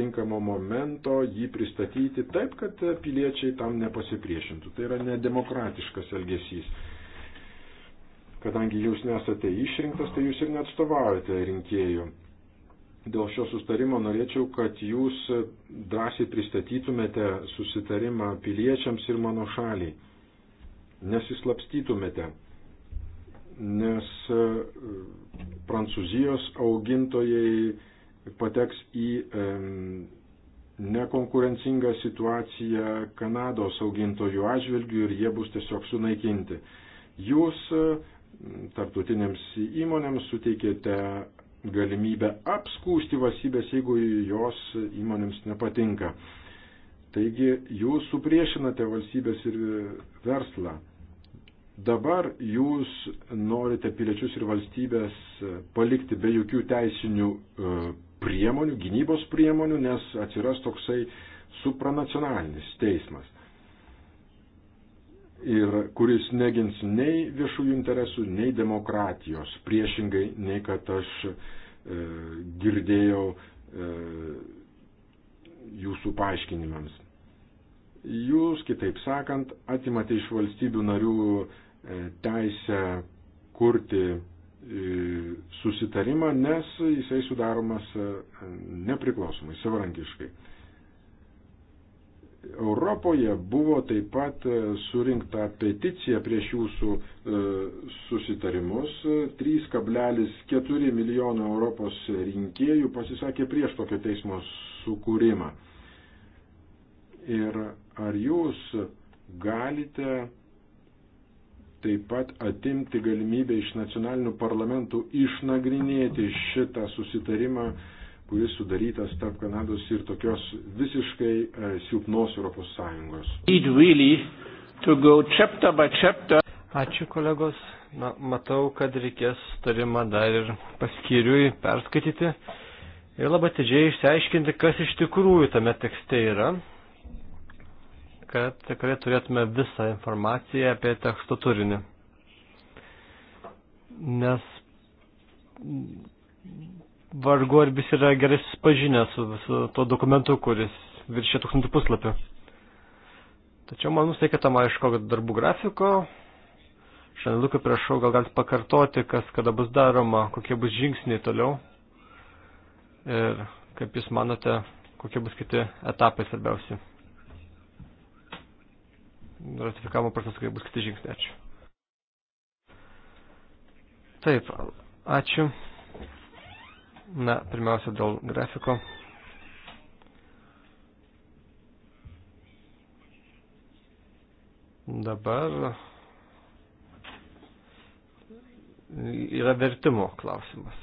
tinkamo momento jį pristatyti taip, kad piliečiai tam nepasipriešintų. Tai yra nedemokratiškas elgesys. Kadangi jūs nesate išrinktas, tai jūs ir neatstovaujate rinkėjų. Dėl šio sustarimo norėčiau, kad jūs drąsiai pristatytumėte susitarimą piliečiams ir mano šaliai. Nesislapstytumėte nes e, Prancūzijos augintojai pateks į e, nekonkurencingą situaciją Kanados augintojų atžvilgių ir jie bus tiesiog sunaikinti. Jūs e, tartutinėms įmonėms suteikėte galimybę apskūsti valstybės, jeigu jos įmonėms nepatinka. Taigi jūs supriešinate valstybės ir verslą. Dabar jūs norite piliečius ir valstybės palikti be jokių teisinių e, priemonių, gynybos priemonių, nes atsiras toksai supranacionalinis teismas, ir kuris negins nei viešųjų interesų, nei demokratijos, priešingai nei kad aš e, girdėjau e, jūsų paaiškinimams. Jūs, kitaip sakant, atimate iš valstybių narių e, E, teisę kurti e, susitarimą, nes jisai sudaromas e, nepriklausomai, savarankiškai. Europoje buvo taip pat surinkta peticija prieš jūsų susitarimus. 3,4 milijono Europos rinkėjų pasisakė prieš tokio teismo sukūrimą. Ir ar jūs galite taip pat atimti galimybę iš nacionalinių parlamentų išnagrinėti šitą susitarimą, kuris sudarytas tarp Kanados ir tokios visiškai e, silpnos Europos Sąjungos. Really chapter chapter. Ačiū kolegos. Na, matau, kad reikės tarimą dar ir paskiriui perskaityti ir labai atidžiai išsiaiškinti, kas iš tikrųjų tame tekste yra kad tikrai turėtume visą informaciją apie teksto turinį. Nes vargu ar visi yra gerai susipažinę su, su tuo dokumentu, kuris viršė tūkstantų puslapių. Tačiau man nusiekia tam aišku, kad darbų grafiko. Šiandien Lukai prašau, gal galite pakartoti, kas kada bus daroma, kokie bus žingsniai toliau. Ir kaip jūs manote, kokie bus kiti etapai svarbiausi ratifikavimo procesą, kai bus kiti žingsniai. Ačiū. Taip, ačiū. Na, pirmiausia, dėl grafiko. Dabar yra vertimo klausimas.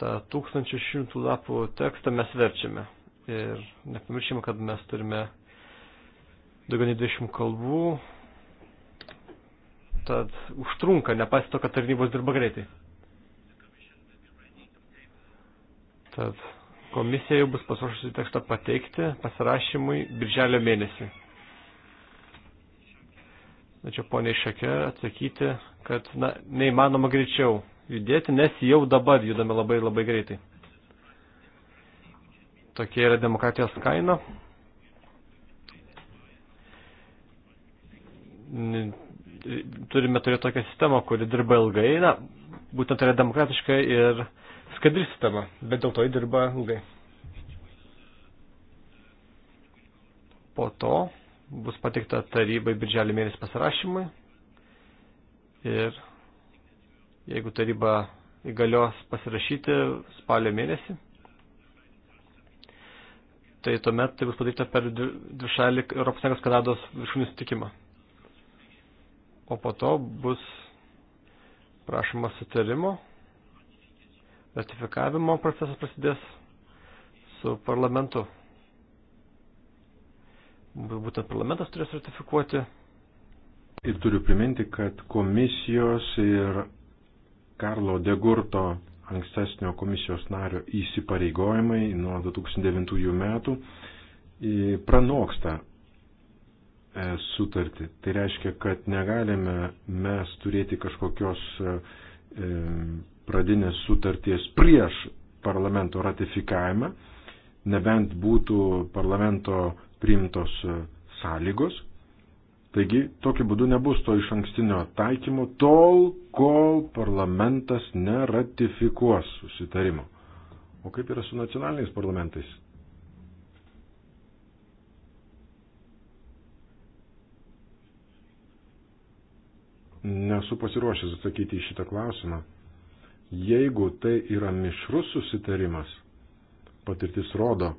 Ta 1100 lapų tekstą mes verčiame. Ir nepamirškime, kad mes turime daugiau nei 20 kalbų, tad užtrunka, nepaisto, kad tarnybos dirba greitai. Tad komisija jau bus pasiruošusi tekstą pateikti pasirašymui birželio mėnesį. Tačiau poniai Šakė atsakyti, kad na, neįmanoma greičiau judėti, nes jau dabar judame labai labai greitai. Tokia yra demokratijos kaina. turime turėti tokią sistemą, kuri dirba ilgai, na, būtent yra demokratiška ir skadri sistema, bet dėl to ji dirba ilgai. Po to bus patikta tarybai birželį mėnesį pasirašymui ir jeigu taryba įgalios pasirašyti spalio mėnesį, tai tuomet tai bus padaryta per dvišalį ES Kanados viršūnį sutikimą o po to bus prašoma sutarimo, ratifikavimo procesas prasidės su parlamentu. Būtent parlamentas turės ratifikuoti. Ir turiu priminti, kad komisijos ir Karlo Degurto ankstesnio komisijos nario įsipareigojimai nuo 2009 metų pranoksta E, sutartį. Tai reiškia, kad negalime mes turėti kažkokios e, e, pradinės sutarties prieš parlamento ratifikavimą, nebent būtų parlamento priimtos sąlygos. Taigi, tokiu būdu nebus to iš ankstinio taikymo tol, kol parlamentas neratifikuos susitarimo. O kaip yra su nacionaliniais parlamentais? nesu pasiruošęs atsakyti į šitą klausimą. Jeigu tai yra mišrus susitarimas, patirtis rodo,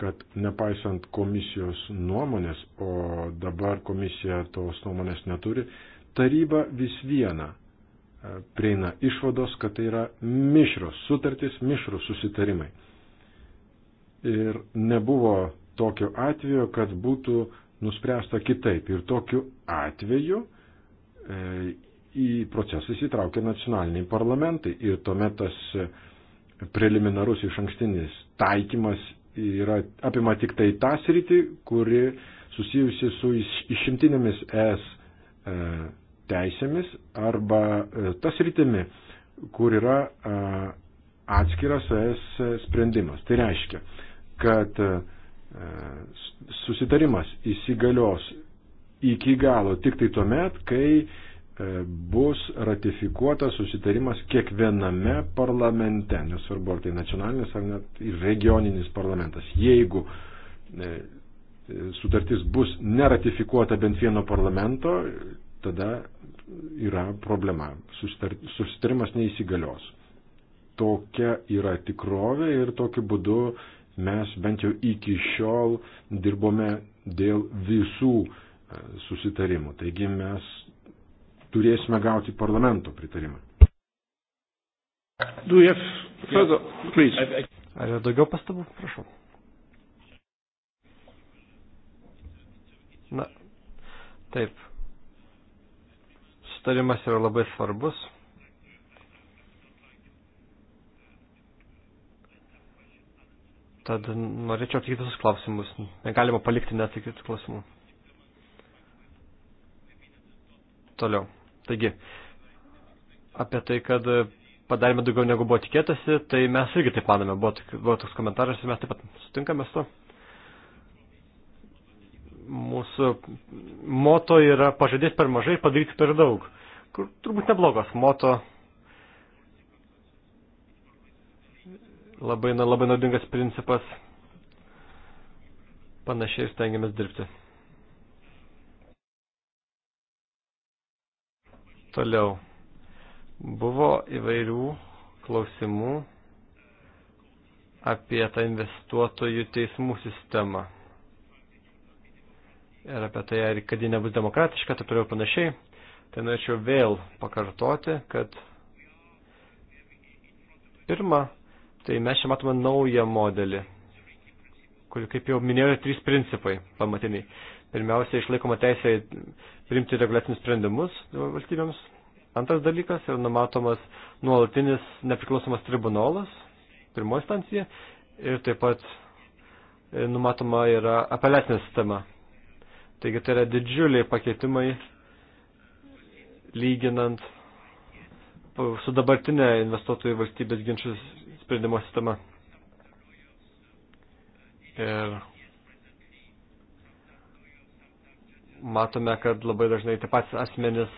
kad nepaisant komisijos nuomonės, o dabar komisija tos nuomonės neturi, taryba vis viena e, prieina išvados, kad tai yra mišros sutartys, mišros susitarimai. Ir nebuvo tokio atvejo, kad būtų nuspręsta kitaip. Ir tokiu atveju E, į procesus įtraukia nacionaliniai parlamentai ir tuomet tas e, preliminarus iš ankstinis taikymas yra, apima tik tai tą sritį, kuri susijusi su išimtinėmis ES e, teisėmis arba tas rytimi, kur yra atskiras ES sprendimas. Tai reiškia, kad susitarimas įsigalios iki galo, tik tai tuomet, kai e, bus ratifikuotas susitarimas kiekviename parlamente, nesvarbu ar tai nacionalinis ar net regioninis parlamentas. Jeigu e, sutartis bus neratifikuota bent vieno parlamento, tada yra problema. Susitarimas neįsigalios. Tokia yra tikrovė ir tokiu būdu mes bent jau iki šiol dirbome dėl visų susitarimų. Taigi mes turėsime gauti parlamento pritarimą. Ar yra daugiau pastabų? Prašau. Na, taip. Sutarimas yra labai svarbus. Tad norėčiau atsakyti visus klausimus. Negalima palikti neatsakytų klausimų. toliau. Taigi, apie tai, kad padarėme daugiau negu buvo tikėtasi, tai mes irgi taip manome. Buvo, buvo toks komentaras ir mes taip pat sutinkame su to. Mūsų moto yra pažadėti per mažai, padaryti per daug. Kur, turbūt neblogas moto. Labai, na, labai naudingas principas. Panašiai stengiamės dirbti. Toliau. Buvo įvairių klausimų apie tą investuotojų teismų sistemą. Ir apie tai, ar kad ji nebus demokratiška, taip toliau panašiai. Tai norėčiau vėl pakartoti, kad pirma, tai mes čia matome naują modelį, kur, kaip jau minėjau, trys principai pamatiniai. Pirmiausia, išlaikoma teisė priimti reguliacinius sprendimus valstybėms. Antras dalykas yra numatomas nuolatinis nepriklausomas tribunolas, pirmoji instancija, ir taip pat e, numatoma yra apeliacinė sistema. Taigi tai yra didžiuliai pakeitimai lyginant su dabartinė investuotojų valstybės ginčių sprendimo sistema. Ir matome, kad labai dažnai taip pat asmenis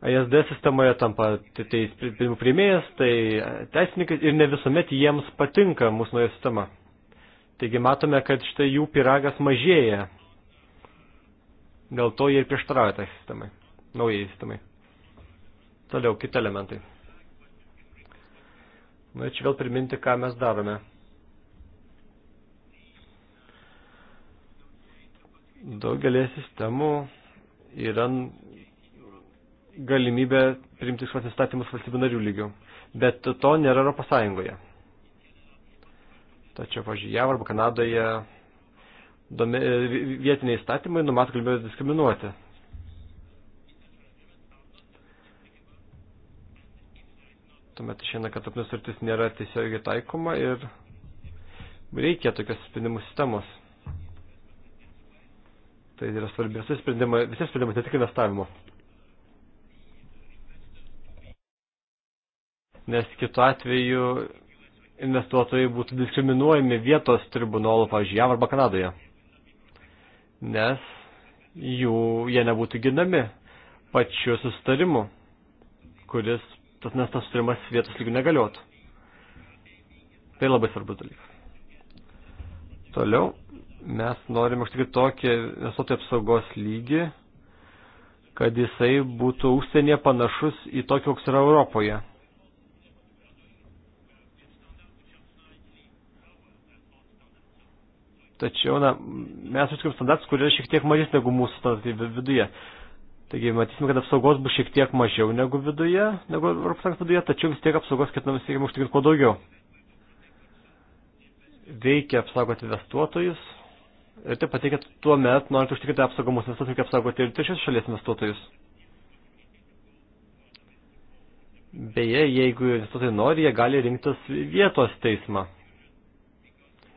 ASD sistemoje tampa teismų priimėjas, tai, tai, tai teisininkai ir ne visuomet jiems patinka mūsų nauja sistema. Taigi matome, kad štai jų piragas mažėja. Dėl to jie ir prieštarauja tai sistemai, naujai sistemai. Toliau, kiti elementai. Na, čia vėl priminti, ką mes darome. daugelį sistemų yra galimybė priimti išvas įstatymus valstybių narių lygių, bet to nėra Europos Sąjungoje. Tačiau, pažiūrėjau, JAV arba Kanadoje dome, vietiniai įstatymai numato galimybę diskriminuoti. Tuomet išėna, kad tarptautinė sutartis nėra tiesiogiai taikoma ir reikia tokios sprendimų sistemos. Tai yra svarbi visi sprendimai, visi sprendimai, ne tik investavimo. Nes kitu atveju investuotojai būtų diskriminuojami vietos tribunolų, pavyzdžiui, JAV arba Kanadoje. Nes jų, jie nebūtų ginami pačiu susitarimu, kuris tas nes tas sutarimas vietos lygių negaliotų. Tai labai svarbus dalykas. Toliau mes norime užtikrinti tokį investuotojų apsaugos lygį, kad jisai būtų užsienyje panašus į tokį, koks yra Europoje. Tačiau, na, mes užtikrim standartus, kurie yra šiek tiek mažesni negu mūsų standartai viduje. Taigi, matysime, kad apsaugos bus šiek tiek mažiau negu viduje, negu Europos Sąjungos viduje, tačiau vis tiek apsaugos ketiname siekime užtikrinti kuo daugiau veikia apsaugoti investuotojus ir taip pat reikia tuo met, norint užtikrinti apsaugą mūsų investuotojus, reikia apsaugoti ir trečios šalies investuotojus. Beje, jeigu investuotojai nori, jie gali rinktis vietos teismą.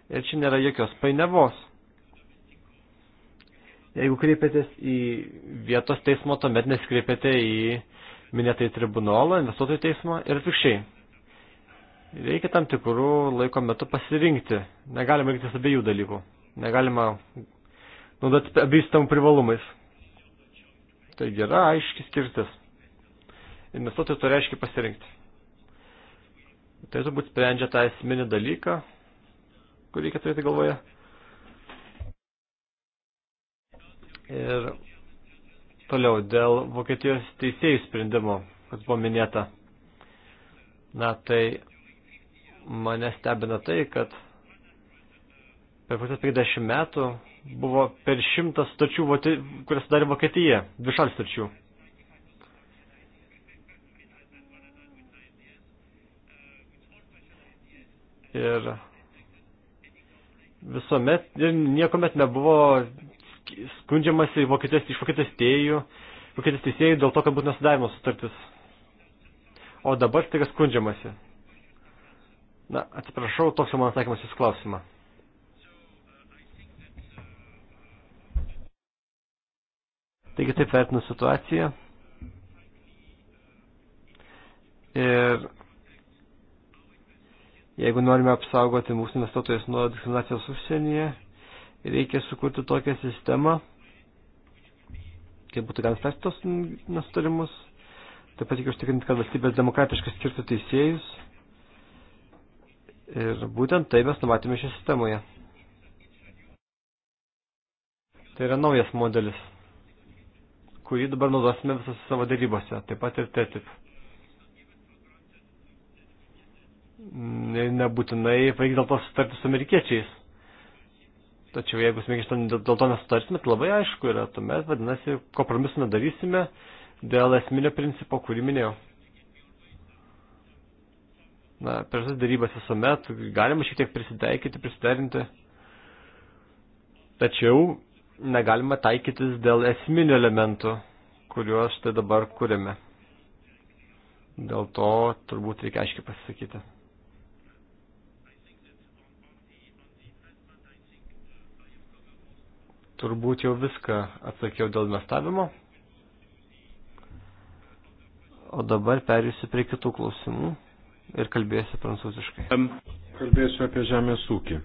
Ir čia nėra jokios painiavos. Jeigu kreipiatės į vietos teismo, tuomet neskreipiate į minėtai tribunolą, investuotojų teismą ir atvirkščiai. Reikia tam tikrų laiko metu pasirinkti. Negalima rinktis abiejų dalykų. Negalima naudoti abiejus tam privalumais. Taigi yra aiškis skirtis. Investuotojai turi aiškiai pasirinkti. Tai turbūt sprendžia tą esminį dalyką, kurį reikia turėti galvoje. Ir toliau dėl Vokietijos teisėjų sprendimo, kas buvo minėta. Na tai mane stebina tai, kad per pusės 50 metų buvo per šimtą stačių, kurias sudarė Vokietija, dvišal stačių. Ir visuomet, ir niekuomet nebuvo skundžiamasi Vokietijos, iš Vokietijos tėjų, Vokietijos teisėjų dėl to, kad būtų nesudarimo sutartis. O dabar tai skundžiamasi. Na, atsiprašau, toks jau mano atsakymas jūsų klausimą. Taigi taip vertinu situaciją. Ir jeigu norime apsaugoti mūsų investuotojus nuo diskriminacijos užsienyje, reikia sukurti tokią sistemą, kaip būtų galima spręsti tos nesutarimus, taip pat reikia užtikrinti, kad valstybės demokratiškai skirtų teisėjus Ir būtent tai mes numatėme šioje sistemoje. Tai yra naujas modelis, kurį dabar naudosime visose savo darybose, taip pat ir TTIP. Nebūtinai pavyks dėl to sutarti su amerikiečiais. Tačiau jeigu smėgištan dėl to nesutarsime, tai labai aišku yra, tuomet vadinasi, kompromisų nedarysime dėl esminio principo, kurį minėjau na, per tas darybas visuomet galima šiek tiek prisitaikyti, prisiderinti, tačiau negalima taikytis dėl esminių elementų, kuriuos tai dabar kūrėme. Dėl to turbūt reikia aiškiai pasisakyti. Turbūt jau viską atsakiau dėl mestavimo. O dabar perėsiu prie kitų klausimų ir kalbėsiu prancūziškai. Kalbėsiu apie žemės ūkį.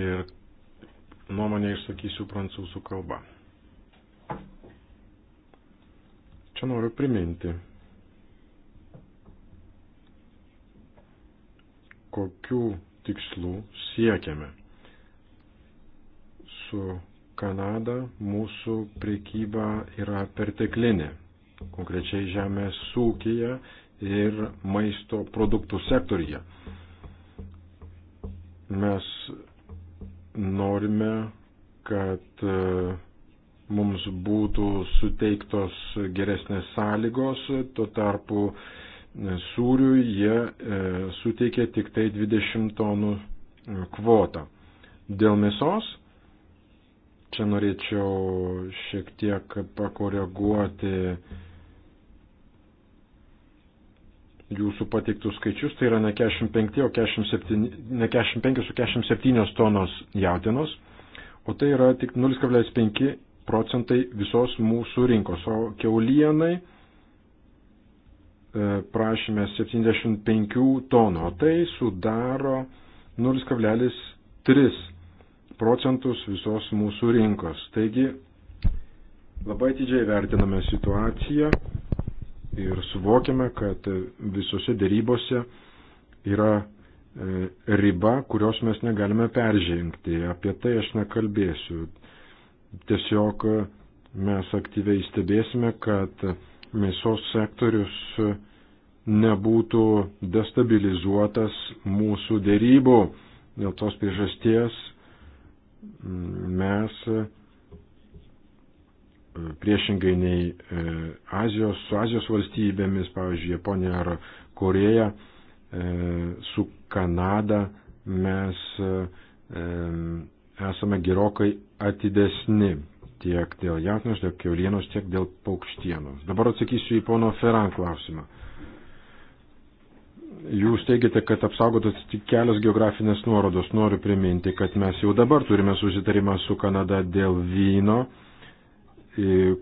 Ir nuomonę išsakysiu prancūzų kalbą. Čia noriu priminti, kokių tikslų siekiame. Su Kanada mūsų prekyba yra perteklinė, konkrečiai žemės ūkija ir maisto produktų sektorija. Mes norime, kad e, mums būtų suteiktos geresnės sąlygos, tuo tarpu e, sūrių jie e, suteikė tik tai 20 tonų e, kvotą. Dėl mėsos čia norėčiau šiek tiek pakoreguoti jūsų pateiktus skaičius, tai yra ne 45, o 47, ne 45, o 47 tonos jautienos, o tai yra tik 0,5 procentai visos mūsų rinkos. O keulienai prašymė 75 tonų, o tai sudaro 0,3 procentus visos mūsų rinkos. Taigi labai atidžiai vertiname situaciją ir suvokiame, kad visose dėrybose yra e, riba, kurios mes negalime peržengti. Apie tai aš nekalbėsiu. Tiesiog e, mes aktyviai stebėsime, kad mėsos sektorius nebūtų destabilizuotas mūsų dėrybų. Dėl tos priežasties mes priešingai nei e, Azijos, su Azijos valstybėmis, pavyzdžiui, Japonija ar Koreja, e, su Kanada mes e, esame gerokai atidesni tiek dėl jautinos, tiek keulienos, tiek dėl paukštienos. Dabar atsakysiu į pono Ferran klausimą. Jūs teigiate, kad apsaugotas tik kelios geografinės nuorodos. Noriu priminti, kad mes jau dabar turime susitarimą su Kanada dėl vyno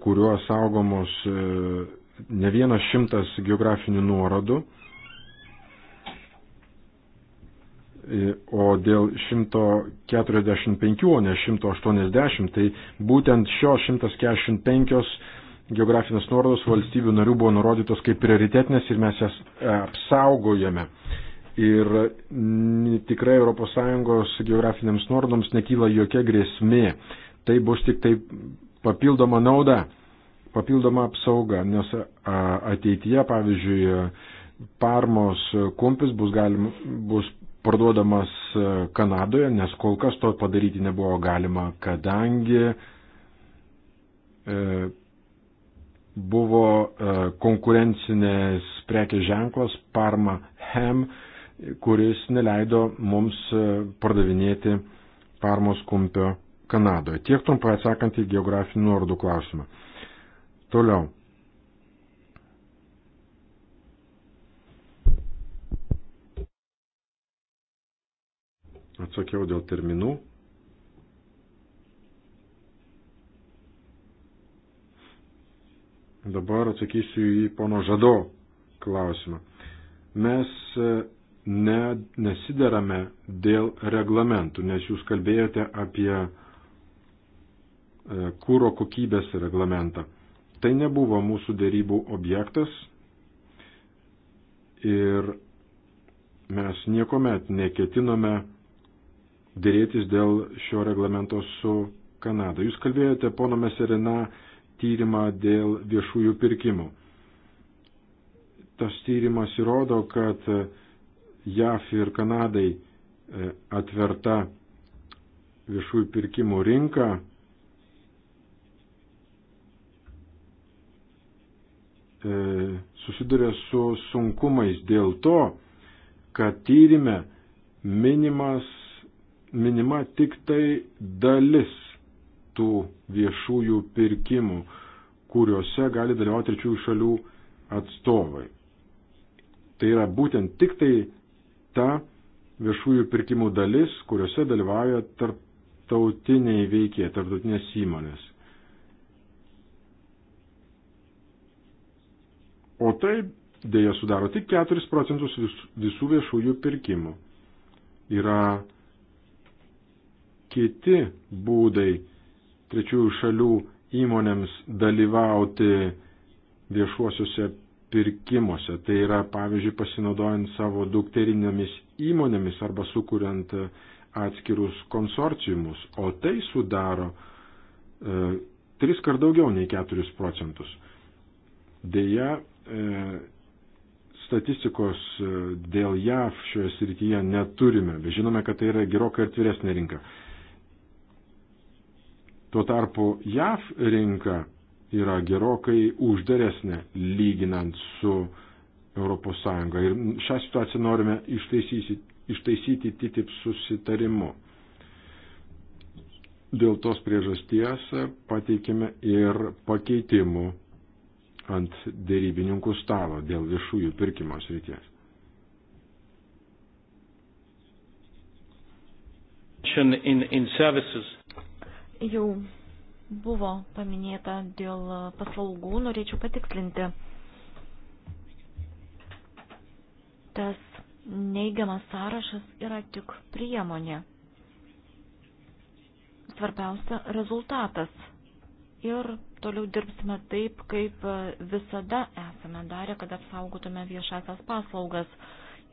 kuriuo saugomos e, ne vienas šimtas geografinių nuorodų, e, o dėl 145, o ne 180, tai būtent šios 145 geografinės nuorodos valstybių narių buvo nurodytos kaip prioritetinės ir mes jas e, apsaugojame. Ir tikrai ES geografinėms nuorodoms nekyla jokia grėsmė. Tai bus tik taip papildoma nauda, papildoma apsauga, nes ateityje, pavyzdžiui, parmos kumpis bus, galima, bus parduodamas Kanadoje, nes kol kas to padaryti nebuvo galima, kadangi e, buvo e, konkurencinės prekės ženklas Parma Hem, kuris neleido mums e, pardavinėti Parmos kumpio Kanadoje. Tiek trumpai atsakant į geografinių nuorodų klausimą. Toliau. Atsakiau dėl terminų. Dabar atsakysiu į pono Žado klausimą. Mes e, ne, nesiderame dėl reglamentų, nes jūs kalbėjote apie E, kūro kokybės reglamentą. Tai nebuvo mūsų dėrybų objektas ir mes niekuomet neketinome dėrėtis dėl šio reglamento su Kanada. Jūs kalbėjote, pono Meserina, tyrimą dėl viešųjų pirkimų. Tas tyrimas įrodo, kad JAF ir Kanadai e, atverta viešųjų pirkimų rinka E, susiduria su sunkumais dėl to, kad tyrimė minimas, minima tik tai dalis tų viešųjų pirkimų, kuriuose gali dalyvauti trečiųjų šalių atstovai. Tai yra būtent tik tai ta viešųjų pirkimų dalis, kuriuose dalyvauja tarptautiniai veikėjai, tarptautinės įmonės. o tai dėja sudaro tik 4 procentus visų viešųjų pirkimų. Yra kiti būdai trečiųjų šalių įmonėms dalyvauti viešuosiuose pirkimuose. Tai yra, pavyzdžiui, pasinaudojant savo dukterinėmis įmonėmis arba sukuriant e, atskirus konsorciumus, o tai sudaro e, tris kart daugiau nei 4 procentus. Deja, E, statistikos e, dėl JAV šioje srityje neturime, bet žinome, kad tai yra gerokai atviresnė rinka. Tuo tarpu JAV rinka yra gerokai uždaresnė lyginant su ES ir šią situaciją norime ištaisyti, ištaisyti TTIP susitarimu. Dėl tos priežasties pateikėme ir pakeitimų ant dėrybininkų stalo dėl viešųjų pirkimo srities. In, in services. Jau buvo paminėta dėl paslaugų, norėčiau patikslinti. Tas neigiamas sąrašas yra tik priemonė. Svarbiausia rezultatas ir toliau dirbsime taip, kaip visada esame darę, kad apsaugotume viešasias paslaugas.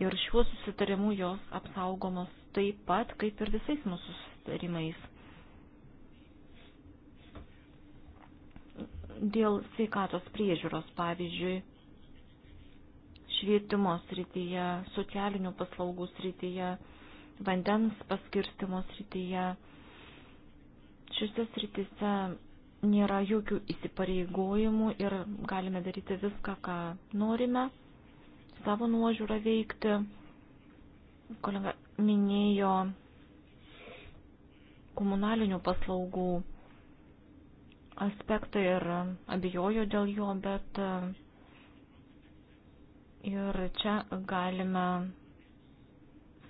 Ir šiuo susitarimu jos apsaugomos taip pat, kaip ir visais mūsų susitarimais. Dėl sveikatos priežiūros, pavyzdžiui, švietimo srityje, socialinių paslaugų srityje, vandens paskirstimo srityje, šiuose srityse nėra jokių įsipareigojimų ir galime daryti viską, ką norime, savo nuožiūrą veikti. Kolega minėjo komunalinių paslaugų aspektą ir abijojo dėl jo, bet e, ir čia galime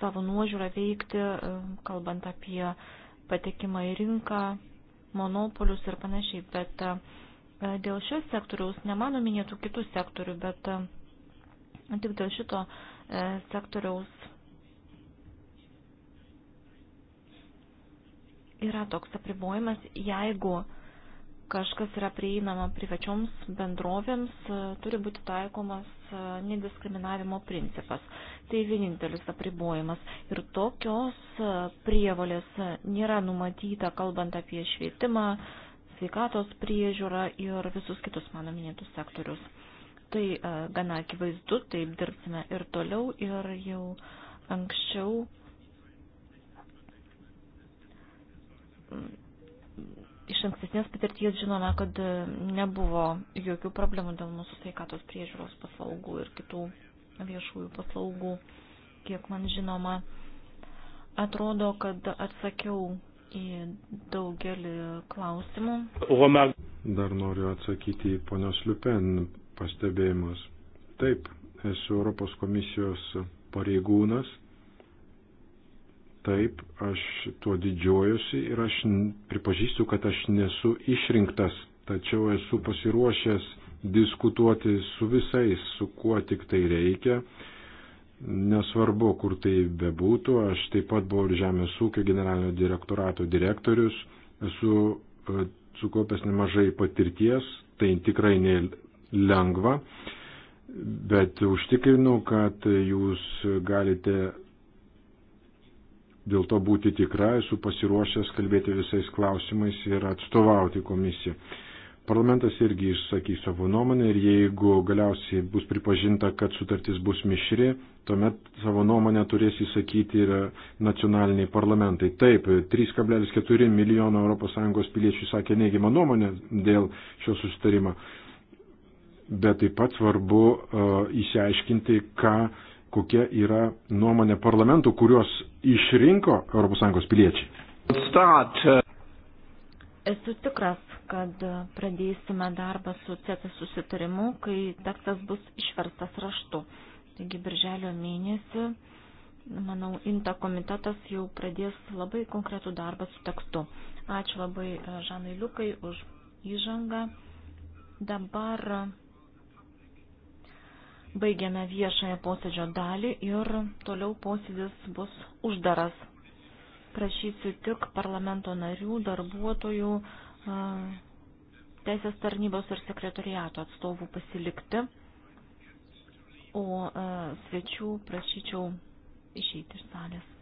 savo nuožiūrą veikti, e, kalbant apie patekimą į rinką, monopolius ir panašiai, bet e, dėl šios sektoriaus, ne mano minėtų kitų sektorių, bet e, tik dėl šito e, sektoriaus yra toks apribojimas, jeigu kažkas yra prieinama privačioms bendrovėms, e, turi būti taikomas e, nediskriminavimo principas. Tai vienintelis apribojimas. Ir tokios e, prievalės nėra numatyta, kalbant apie švietimą, sveikatos priežiūrą ir visus kitus mano minėtus sektorius. Tai gana akivaizdu, taip dirbsime ir toliau ir jau anksčiau iš ankstesnės patirties žinome, kad e, nebuvo jokių problemų dėl mūsų sveikatos priežiūros paslaugų ir kitų viešųjų paslaugų. Kiek man žinoma, atrodo, kad atsakiau į daugelį klausimų. Dar noriu atsakyti į ponios Liupen pastebėjimus. Taip, esu Europos komisijos pareigūnas Taip, aš tuo didžiuojuosi ir aš pripažįstu, kad aš nesu išrinktas, tačiau esu pasiruošęs diskutuoti su visais, su kuo tik tai reikia. Nesvarbu, kur tai bebūtų, aš taip pat buvau ir Žemės ūkio generalinio direktorato direktorius, esu e, sukaupęs nemažai patirties, tai tikrai nelengva, bet užtikrinu, kad jūs galite dėl to būti tikra, esu pasiruošęs kalbėti visais klausimais ir atstovauti komisiją. Parlamentas irgi išsakys savo nuomonę ir jeigu galiausiai bus pripažinta, kad sutartis bus mišri, tuomet savo nuomonę turės įsakyti ir nacionaliniai parlamentai. Taip, 3,4 milijono ES piliečių sakė neigiamą nuomonę dėl šio sustarimo, bet taip pat svarbu uh, e, įsiaiškinti, ką uh, kokia yra nuomonė parlamentų, kuriuos išrinko ES piliečiai. Start. Uh, Esu tikras, kad pradėsime darbą su CETA susitarimu, kai tekstas bus išverstas raštu. Taigi, birželio mėnesį, manau, INTA komitetas jau pradės labai konkretų darbą su tekstu. Ačiū labai uh, Žanai Liukai už įžangą. Dabar Baigiame viešąją posėdžio dalį ir toliau posėdis bus uždaras. Prašysiu tik parlamento narių, darbuotojų, teisės tarnybos ir sekretoriato atstovų pasilikti, o svečių prašyčiau išeiti iš salės.